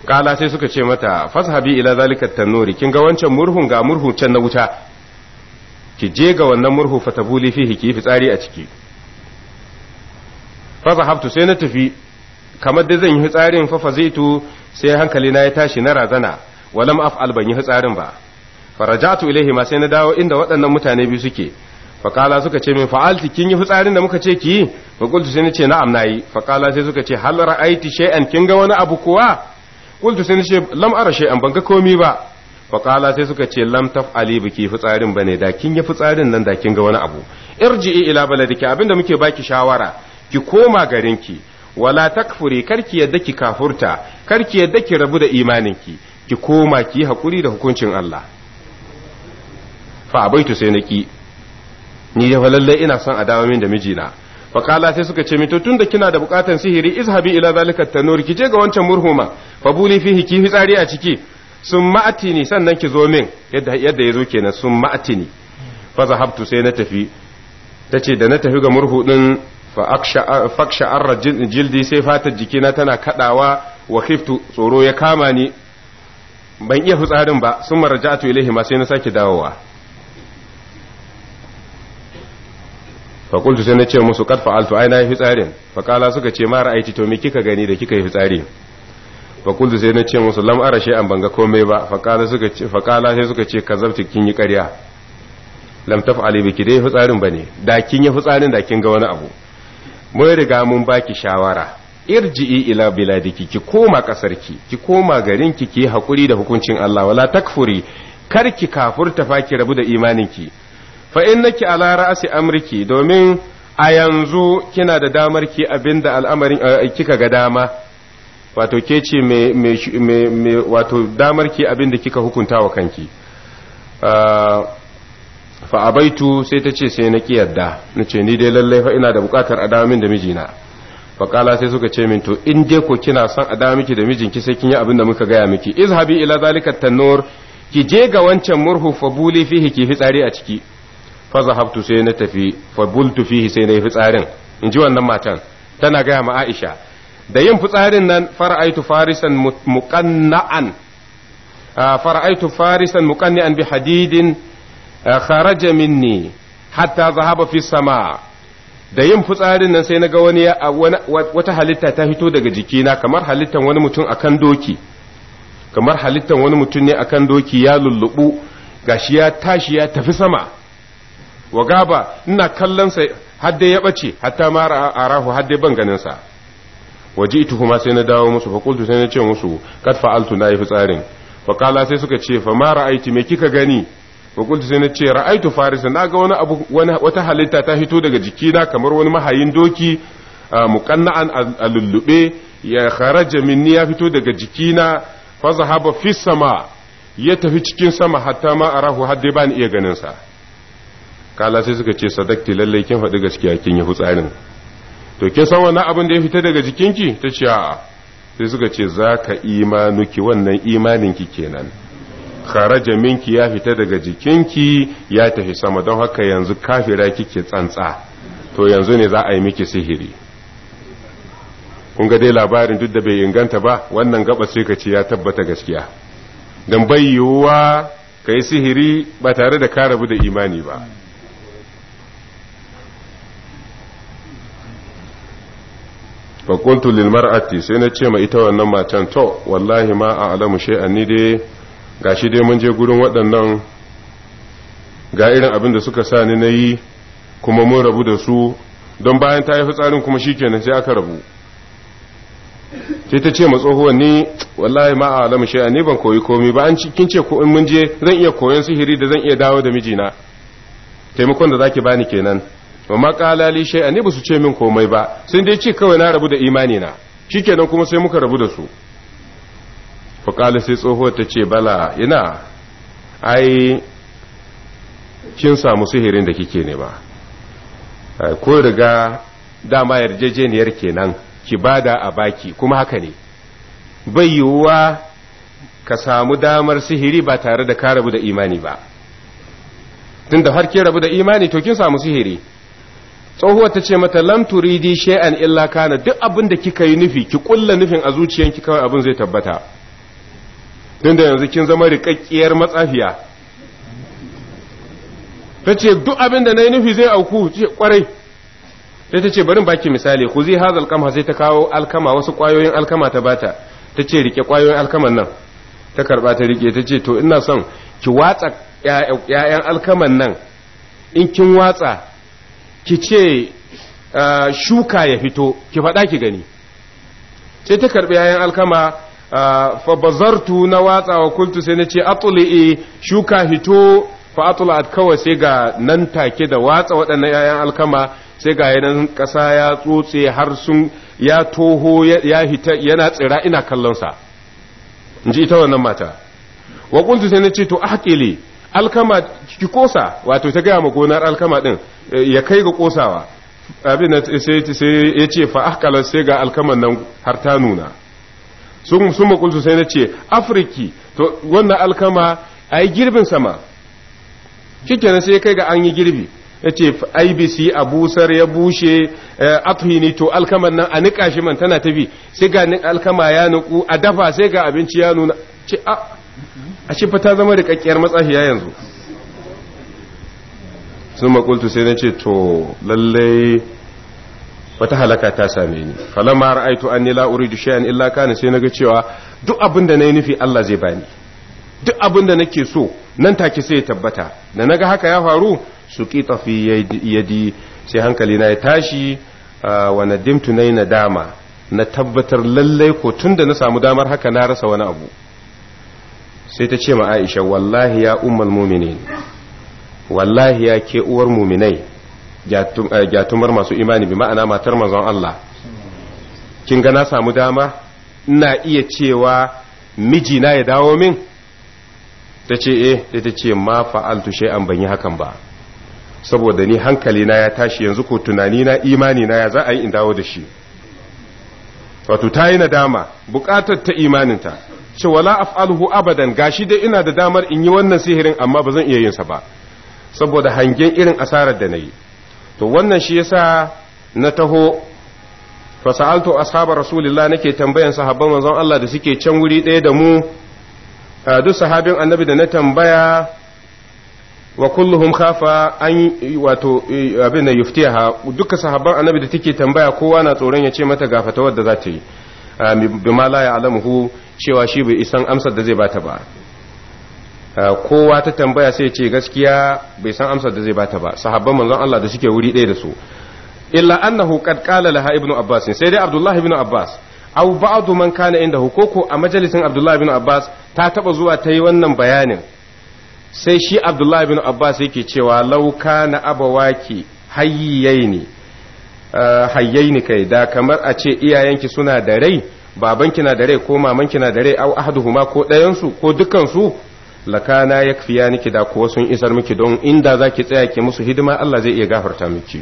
ƙala sai suka ce mata fashabi ila zalika tanuri kin ga wancan murhun ga murhun can na wuta ki je ga wannan murhu fa tabuli fihi ki fitsari a ciki fa zahabtu sai na tafi kamar da zan yi fitsarin fa fazaitu sai hankali na ya tashi na razana walam af'al ban yi fitsarin ba farajatu ilaihi ma sai na dawo inda waɗannan mutane biyu suke faƙala suka ce min fa'alti kin yi fitsarin da muka ce ki fa qultu sai ce na'am nayi faƙala sai suka ce hal ra'aiti shay'an kin ga wani abu kuwa qultu sai ce lam ara shay'an ban ga komai ba faƙala sai suka ce lam ali biki fitsarin bane da kin yi fitsarin nan da kin ga wani abu irji ila baladiki abinda muke baki shawara ki koma garin ki wala takfuri karki yadda ki kafurta karki yadda ki rabu da imanin ki ki koma ki hakuri da hukuncin Allah fa abaitu sai naki ni da lallai ina son a dawo min da mijina faƙala sai suka ce mito tunda kina da buƙatan sihiri izhabi ila zalika tanur ki je ga wancan murhuma fa buli fihi ki fitsari a ciki sun ne sannan ki zo min yadda ya zo kenan sun ne. fa zahabtu sai na tafi ta ce da na tafi ga murhu din faksha arra jildi sai fatar jikina tana kaɗawa wa khiftu tsoro ya kama ni ban iya fitsarin ba sun marajatu ilaihi ma sai na sake dawowa fakultu sai na ce musu kad fa'altu ai na yi fitsarin fakala suka ce mara aiki to me kika gani da kika yi fitsari fa kullu sai na ce musu lam ara an banga komai ba fa suka ce fa sai suka ce kazabti kin yi ƙarya lam taf'ali biki dai fitsarin bane da kin yi fitsarin da kin ga wani abu mun riga mun baki shawara irji'i ila biladiki ki koma kasar ki Ki koma garin ki ki hakuri da hukuncin Allah wala takfuri kar ki kafurta fa ki rabu da imanin ki. fa innaki ala ra'si amriki domin a yanzu kina da damar ki abinda al'amarin eh, kika ga dama wato ke ce mai wato damar ki abin da kika hukunta wa kanki ah, fa abaitu sai ta ce sai na ki yadda na ce ni dai lallai fa ina da bukatar a min da mijina faƙala sai suka ce min to in dai ko kina son a miki da mijinki sai kin yi abin da muka gaya miki izhabi ila zalika tanur ki je ga wancan murhu fa buli fihi ki fitsari a ciki fa zahabtu sai na tafi fa bultu fihi sai na yi fitsarin in ji wannan matan tana gaya ma Aisha da yin fitsarin nan fara'aitu farisan muqanna'an ah, fara'aitu farisan muqanni'an bi hadidin ah, kharaja minni hatta zahaba fi sama da yin fitsarin nan sai naga wani wata halitta ta fito daga jikina kamar halittan wani mutum akan doki kamar halittan wani mutum ne akan doki ya lullubu gashi ya tashi ya tafi sama wa gaba ina kallon sa har ya bace hatta mara arahu har dai ban ganin sa waji'tuhu kuma sai na dawo musu fa sai na ce musu kad fa'altu na yi fitsarin fa kala sai suka ce fa ma ra'aiti me kika gani fa qultu sai na ce ra'aitu farisa ga wani abu wata halitta ta hito daga jikina kamar wani mahayin doki muqanna'an alullube ya kharaja minni ya fito daga jikina fa zahaba fi sama ya tafi cikin sama hatta ma arahu hadde ba ni iya ganin sa kala sai suka ce sadakti lallai kin faɗi gaskiya kin yi fitsarin to ke san wannan abin da ya fita daga jikinki ta ce a sai suka ce za ka imanuki wannan imaninki kenan kharaja minki ya fita daga jikinki ya tafi sama don haka yanzu kafira kike tsantsa to yanzu ne za a yi miki sihiri kun ga dai labarin duk da bai inganta ba wannan gaba sai ka ce ya tabbata gaskiya don bai yiwuwa sihiri ba tare da ka rabu da imani ba lilmar lilmar'ati sai na ce ma ita wannan matan to wallahi ma a alamu shay'an ni dai gashi dai mun je gurin waɗannan ga irin abin da suka sa ni na yi kuma mun rabu da su don bayan ta yi fitsarin kuma shikenan sai aka rabu sai ta ce ma tsohuwan ni wallahi ma a alamu shay'an ni ban koyi komi ba an kin ce ko in mun je zan iya koyon sihiri da zan iya dawo da mijina taimakon da zaki bani kenan wa makala li ba su ce min komai ba sun dai ce kawai na rabu da imani na shikenan kuma sai muka rabu da su fa qala sai tsohuwar ta ce bala ina ai kin samu sihirin da kike ne ba ko riga dama yarjejeniyar kenan ki bada a baki kuma haka ne bai yiwuwa ka samu damar sihiri ba tare da ka rabu da imani ba tun da har ke rabu da imani to kin samu sihiri tsohuwa ta ce mata lam turidi shay'an illa kana duk abin da kika yi nufi ki kulla nufin a zuciyanki kawai abin zai tabbata tunda yanzu kin zama rikakkiyar matsafiya ta ce duk abin da na yi nufi zai auku kwarai sai ta ce bari baki misali ku zai haza alkama sai ta kawo alkama wasu kwayoyin alkama ta bata ta ce rike kwayoyin alkaman nan ta karba ta rike ta ce to ina son ki watsa ƴaƴan alkaman nan in kin watsa ki ce ah, shuka ya fito ki faɗa ki gani sai ta karɓi yayan alkama ah, fa bazartu na watsa wa kultu sai na ce atuli shuka fito fa atula kawai sai ga nan take da watsa waɗannan yayan alkama sai ga yanan ƙasa ya tsotse har sun ya toho ya hita yana tsira ina kallonsa in ji ita wannan mata wa kultu sai na ce to akili alkama ki kosa wato ta gaya ma gonar alkama din eh, ya kai ga kosawa abin da sai ya ce fa akala sai ga alkaman nan har ta nuna sun sun makulsu sai na ce afriki to wannan alkama a yi girbin sama shikenan sai kai ga an yi girbi ya ce ibc a busar ya bushe eh, athini to alkaman nan a niƙa shi man tana tafi sai ga alkama ya nuku a dafa sai ga abinci ya nuna ce a ah, ashe fa ta zama kakkiyar matsahiya yanzu sun makultu sai na ce to lallai wata halaka ta same ni falama ra'aitu anni la uridu shay'an illa kana sai naga cewa duk abin da nayi nufi Allah zai bani duk abin da nake so nan take sai ya tabbata da naga haka ya faru suqita fi yadi sai hankali na ya tashi wa nadimtu nayi nadama na tabbatar lallai ko tunda na samu damar haka na rasa wani abu sai ta ce ma aisha wallahi ya ummal muminin wallahi ya ke uwar muminai gyatumar eh, masu imani bi ma'ana matar manzon Allah kin ga na samu dama ina iya cewa miji na ya dawo min ta ce eh sai ta ce ma fa'altu an ban yi hakan ba saboda ni hankali na ya tashi yanzu ko tunani na imani na ya za a yi in dawo da shi wato ta yi nadama bukatar ta imaninta ce wala af'aluhu abadan gashi dai ina da damar in yi wannan sihirin amma ba zan iya yin sa ba saboda hangen irin asarar da nayi to wannan shi yasa na taho fa sa'altu ashaba rasulillah nake tambayan sahabban manzon Allah da suke can wuri ɗaya da mu duk sahabin annabi da na tambaya wa kulluhum khafa an wato e, abin da yuftiha duka sahabban annabi da take tambaya kowa na tsoron ya ce mata ga fatawar da za ta yi Ah, bima la ya'lamuhu cewa shi bai isan amsar da zai bata ba ah, kowa ta tambaya sai ce gaskiya bai san amsar da zai bata ba sahabban manzon Allah da suke wuri ɗaya da su illa annahu qad qala laha ibnu abbas sai dai abdullahi ibnu abbas aw ba'du man kana inda koko a majalisin abdullahi ibnu abbas ta taba zuwa ta yi wannan bayanin sai shi abdullahi ibnu abbas yake cewa law kana abawaki hayyiyaini Eh, hayyaini kai da kamar a ce iyayenki suna da rai babanki na da rai ko mamanki na da rai au ahaduhuma ko ɗayansu ko dukansu lakana ya fiya niki da kuwa sun isar miki don inda za ki tsaya ki musu hidima Allah zai iya gafarta miki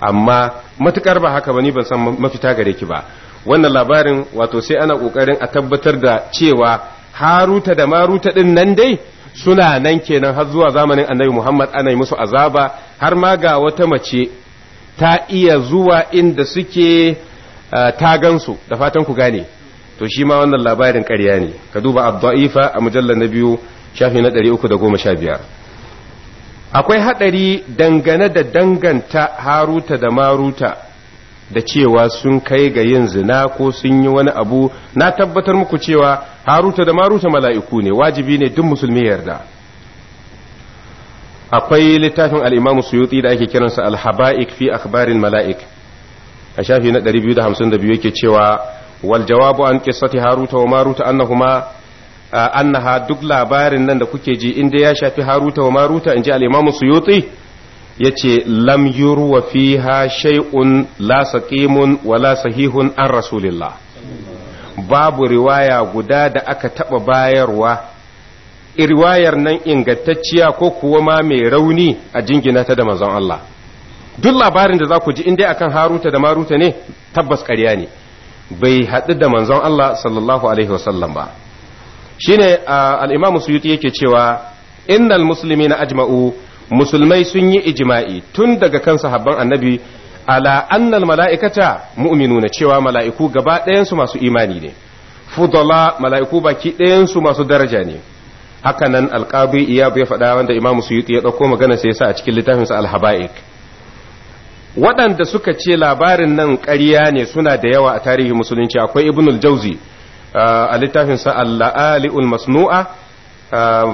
amma matukar ba haka ba ni ban san mafita gare ki ba wannan labarin wato sai ana kokarin a tabbatar da cewa haruta da maruta din nan dai suna nan kenan har zuwa zamanin annabi Muhammad ana yi musu azaba har ma ga wata mace ta iya zuwa inda suke ta gansu da fatan ku gane to shi ma wannan labarin ƙarya ne ka duba abda'ifa a mujallar na biyu shafi na biyar. akwai haɗari dangane da danganta haruta da maruta da cewa sun kai ga yin zina ko sun yi wani abu na tabbatar muku cewa haruta da maruta mala'iku ne wajibi ne duk musulmi yarda akwai littafin al'imamu suyuti da ake kiransa alhaba'ik fi akhbarin mala'ik a shafi na 252 yake cewa wal jawabu an qissati haruta wa maruta annahuma annaha duk labarin nan da kuke ji inda ya shafi haruta wa maruta inji al-imamu suyuti yace lam yurwa fiha shay'un la saqimun wa la sahihun an rasulillah babu riwaya guda da aka taɓa bayarwa riwayar nan ingantacciya ko kuwa ma mai rauni a jingina ta da manzon Allah duk labarin da za ku ji in dai akan haruta da maruta ne tabbas ƙarya ne bai haɗu da manzon Allah sallallahu alaihi wasallam ba shine al-Imam Suyuti yake cewa innal na ajma'u musulmai sun yi ijima'i tun daga kan sahabban annabi ala annal mala'ikata mu'minuna cewa mala'iku gaba ɗayansu masu imani ne fudala mala'iku baki ɗayansu masu daraja ne haka nan alqabi iyab ya faɗa wanda imamu suyuti ya ɗauko magana sai yasa a cikin littafinsa alhaba'ik waɗanda suka ce labarin nan ƙarya ne suna da yawa a tarihi musulunci akwai ibnul jauzi a littafinsa al-la'ali'ul masnu'a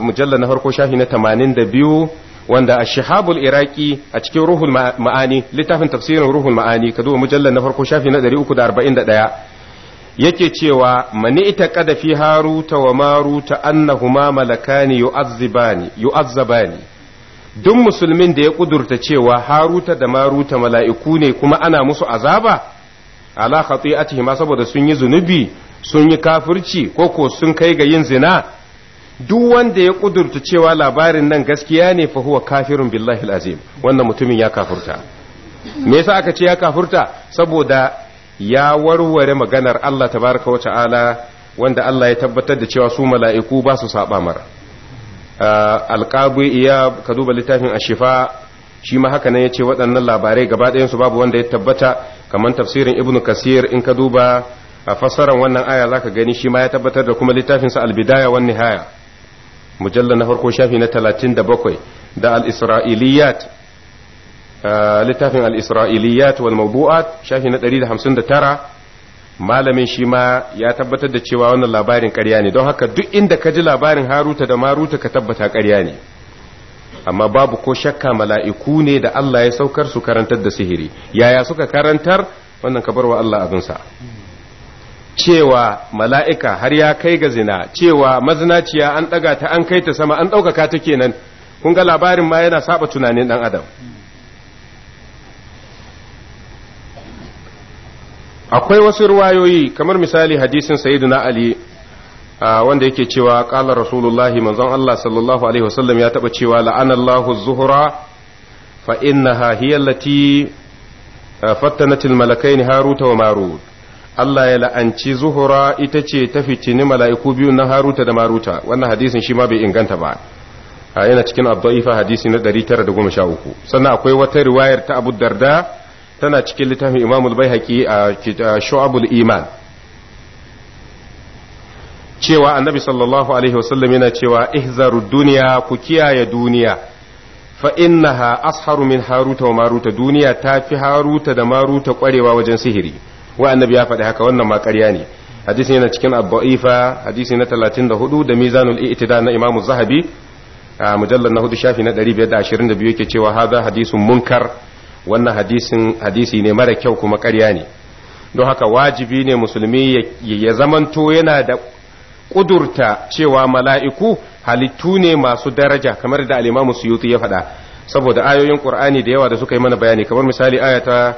mujallar na farko shafi na 82 wanda a shahabul iraki a cikin ruhul ma'ani littafin tafsirin ruhul ma'ani ka duba mujallar na farko shafi na 341 yake cewa mani ita kada fi haruta wa maruta annahuma malakani yu'azzibani yu'azzabani duk musulmin da ya kudurta cewa haruta da maruta mala'iku ne kuma ana musu azaba ala ma saboda sun yi zunubi sun yi kafirci ko ko sun kai ga yin zina duk wanda ya kudurta cewa labarin nan gaskiya ne fa huwa kafirun billahi Al'azim wannan mutumin ya kafurta me yasa aka ce ya kafurta saboda ya warware maganar Allah Baraka wa ta'ala wanda Allah ya tabbatar da cewa su mala'iku ba su saba mara ah, iya ka duba littafin ashifa shi ma haka nan ya ce waɗannan labarai gaba ɗayansu babu wanda ya tabbata kamar tafsirin ibnu kasir in ka duba a fassarar wannan aya zaka gani shi ma ya tabbatar da kuma littafinsa albidaya wan nihaya mujalla na farko shafi na talatin da bakwai da al-isra'iliyat littafin al-isra'iliyat wal shafi na tara malamin shi ma ya tabbatar da cewa wannan labarin karya ne don haka duk inda ka ji labarin Haruta da Maruta ka tabbata karya ne amma babu ko shakka mala'iku ne da Allah ya saukar su karantar da sihiri yaya suka karantar wannan ka wa Allah abinsa cewa mala'ika har ya kai ga zina cewa mazinaciya an ɗaga ta an kai ta sama an ɗaukaka ta kenan kun ga labarin ma yana saba tunanin ɗan adam akwai wasu ruwayoyi kamar misali hadisin sayyiduna ali wanda yake cewa qala rasulullahi manzon Allah sallallahu alaihi wasallam ya taba cewa la'anallahu zuhra fa innaha hiya allati fattanat almalakain haruta wa marut Allah ya la'anci zuhura ita ce ta fitini mala'iku biyu na haruta da maruta wannan hadisin shi ma bai inganta ba yana cikin abdu'ifa hadisi na 913 sannan akwai wata riwayar ta abu darda tana cikin littafin imamul baihaqi a shu'abul iman cewa annabi sallallahu alaihi wasallam yana cewa ihzaru duniya ku kiyaye duniya fa innaha asharu min haruta wa maruta duniya ta fi haruta da maruta kwarewa wajen sihiri wa annabi ya faɗi haka wannan ma ƙarya ne hadisi yana cikin abba'ifa hadisi na 34 da mizanul i'tida na imamu zahabi a mujallar na hudu shafi na 522 yake cewa hadha hadisun munkar wannan hadisin hadisi ne mara kyau kuma ƙarya ne don haka wajibi ne musulmi ya zamanto yana da ƙudurta cewa mala'iku halittu ne masu daraja kamar da alimamu suyuti ya faɗa saboda ayoyin ƙur'ani da yawa da suka yi mana bayani kamar misali ayata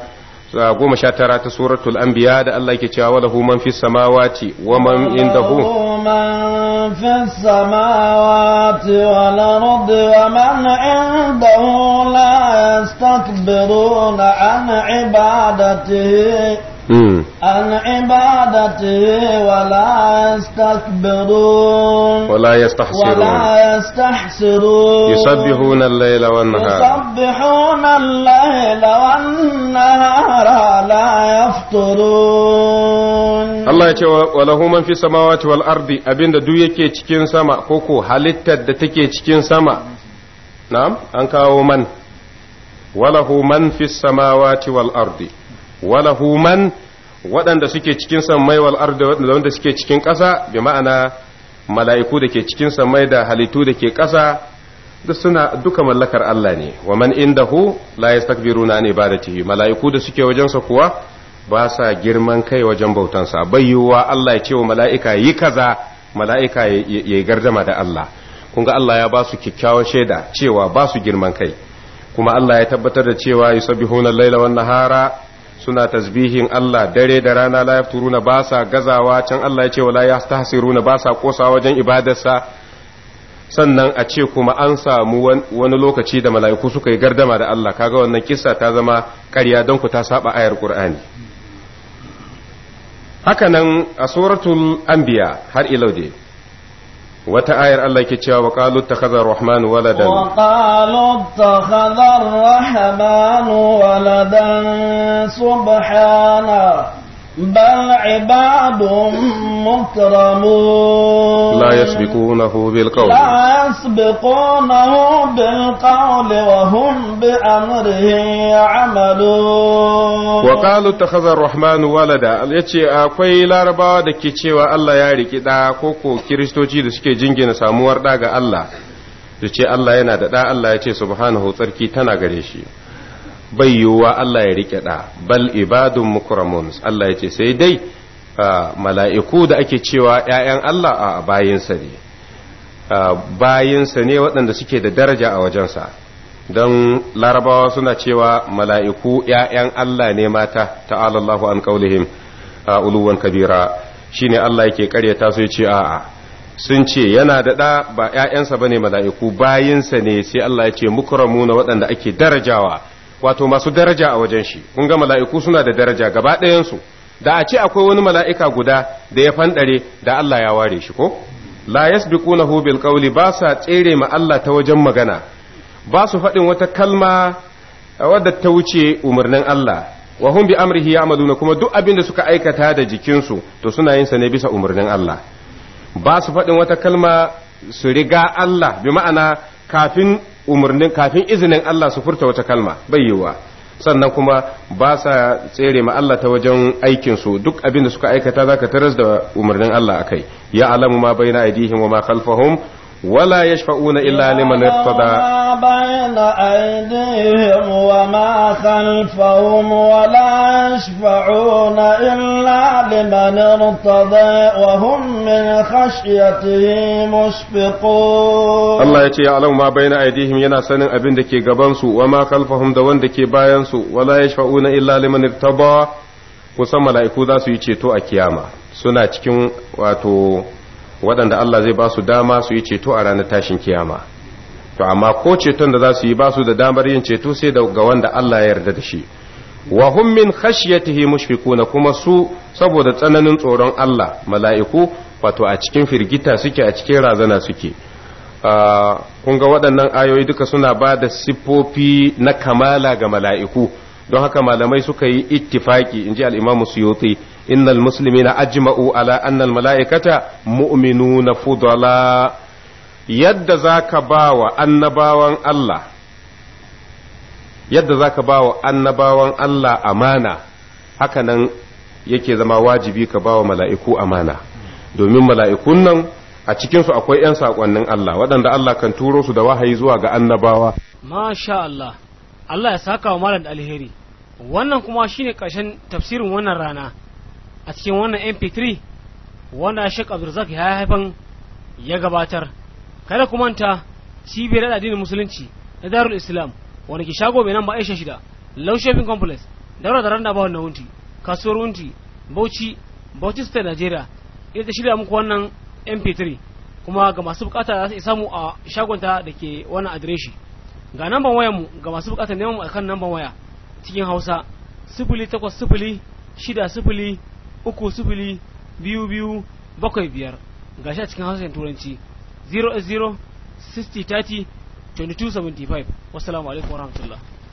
goma sha tara ta suratul anbiya da Allah yake cewa lahu man fi samawati wa man indahu man fis samawati wal ardi wa man indahu la yastakbiruna an ibadatihi عن عبادته ولا يستكبرون ولا يستحسرون ولا يستحسرون يسبحون الليل والنهار يسبحون الليل والنهار لا يفطرون الله يتي وله من في السماوات والأرض أبين دو يكي تشكين سما كوكو حالتا دتكي تشكين سما نعم أنكاو من وله من في السماوات والأرض Walahuman human waɗanda suke cikin sammai wal arda waɗanda suke cikin ƙasa bi ma'ana mala'iku da ke cikin samai da halittu da ke ƙasa duk suna duka mallakar Allah ne wa man indahu la yastakbiruna an ibadatihi mala'iku da suke wajensa kuwa ba sa girman kai wajen bautansa bai yiwuwa Allah ya ce wa mala'ika yi kaza mala'ika yayi gardama da Allah kun ga Allah ya ba su kyakkyawar shaida cewa ba su girman kai kuma Allah ya tabbatar da cewa yusabbihuna al-laila wan nahara suna tasbihin Allah dare da rana la yafturuna ba sa gazawa can Allah ya ce wala yastahsiruna ba sa kosa wajen ibadarsa sannan a ce kuma an samu wani lokaci da mala'iku suka yi gardama da Allah kaga wannan kissa ta zama ƙarya don ku ta saba ayar Qur'ani hakanan a suratul anbiya har ila wata ayar Allah ke cewa wa qalu takhadha ar-rahmanu waladan wa qalu takhadha ar-rahmanu waladan subhana بل عباد مكرمون لا يسبقونه بالقول لا يسبقونه بالقول وهم بأمره يعملون وقالوا اتخذ الرحمن ولدا yace akwai larabawa da ke cewa Allah ya riki da koko kiristoci da suke jingina samuwar ɗa ga Allah su ce Allah yana da da Allah ya ce subhanahu tsarki tana gare shi bai yiwuwa Allah ya rike da bal ibadun mukramun Allah ya ce sai dai mala'iku da ake cewa ‘ya'yan Allah a bayinsa ne bayinsa ne waɗanda suke da daraja a wajensa don larabawa suna cewa mala'iku ‘ya'yan Allah ne mata Allahu an kaulihim a uluwan kabira shine Allah yake karyata su ce a'a sun ce yana da ɗa ba ‘ya'yansa ba ne mala'iku bayinsa ne sai Allah ya ce mukramu na waɗanda ake darajawa wato masu daraja a wajen shi kun ga mala'iku suna da daraja gaba ɗayansu da a ce akwai wani mala'ika guda da ya fanɗare da Allah ya ware shi ko la yasbiqunahu bil qawli ba sa tsere ma Allah ta wajen magana ba su faɗin wata kalma wadda ta wuce umarnin Allah wa hum bi amrihi ya'maluna kuma duk abin da suka aikata da jikinsu to suna yin sa ne bisa umarnin Allah ba su faɗin wata kalma su riga Allah bi ma'ana kafin umarnin kafin izinin Allah su furta wata kalma bai yiwuwa sannan kuma ba sa tsere ma Allah ta wajen aikin su duk abin da suka aikata zaka taras da umarnin Allah akai ya alamu ma baina aidihim wa ma khalfahum ولا يشفعون إلا لمن ارتضى بين أيديهم وما خلفهم ولا يشفعون إلا لمن ارتضى وهم من خشيته مشفقون الله يتي يعلم ما بين أيديهم ينا سنن أبن دكي قبانسو وما خلفهم دوان دكي باينسو ولا يشفعون إلا لمن ارتضى kusan mala'iku za su yi ceto a kiyama suna cikin wato waɗanda Allah zai ba su dama su yi ceto a ranar tashin kiyama to amma ko ceton da za su yi ba su da damar yin ceto sai ga wanda Allah ya yarda da shi wa hum min khashyatihi mushfiquna kuma su saboda tsananin tsoron Allah mala'iku wato a cikin firgita suke a cikin razana suke ah, kun ga waɗannan ayoyi duka suna ba da siffofi na kamala ga mala'iku don haka malamai suka yi ittifaki inji al-imam suyuti musulmi na ajima'u ala annal mala'ikata na fudala yadda za ka ba wa annabawan Allah yadda za ka ba wa annabawan Allah amana hakanan nan yake zama wajibi ka ba wa mala'iku amana domin mala'ikun nan a cikinsu akwai ‘yan saƙonnin Allah waɗanda Allah kan turo su da wahayi zuwa ga annabawa. Masha Allah. Allah ya saka wa malam da alheri wannan kuma shine karshen tafsirin wannan rana a cikin wannan mp3 wanda Sheikh Abdulrazak ya haifan ya gabatar kada ku manta cibiyar da addinin musulunci na Darul Islam wani ki shago mai nan ba Aisha shida Low Shopping Complex daura da randa ba wannan wunti kasuwar wunti Bauchi Bauchi State Nigeria ita shirya muku wannan mp3 kuma ga masu bukata za su samu a shagonta da ke wannan adireshi ga namban wayanmu mu ga masu bukatar neman akan namban waya cikin Hausa 0806 sifili uku sifili biyu biyu biyar gashi a cikin hausa turanci 00 0 60 30 22 75 wasu alaikum warahmatullahi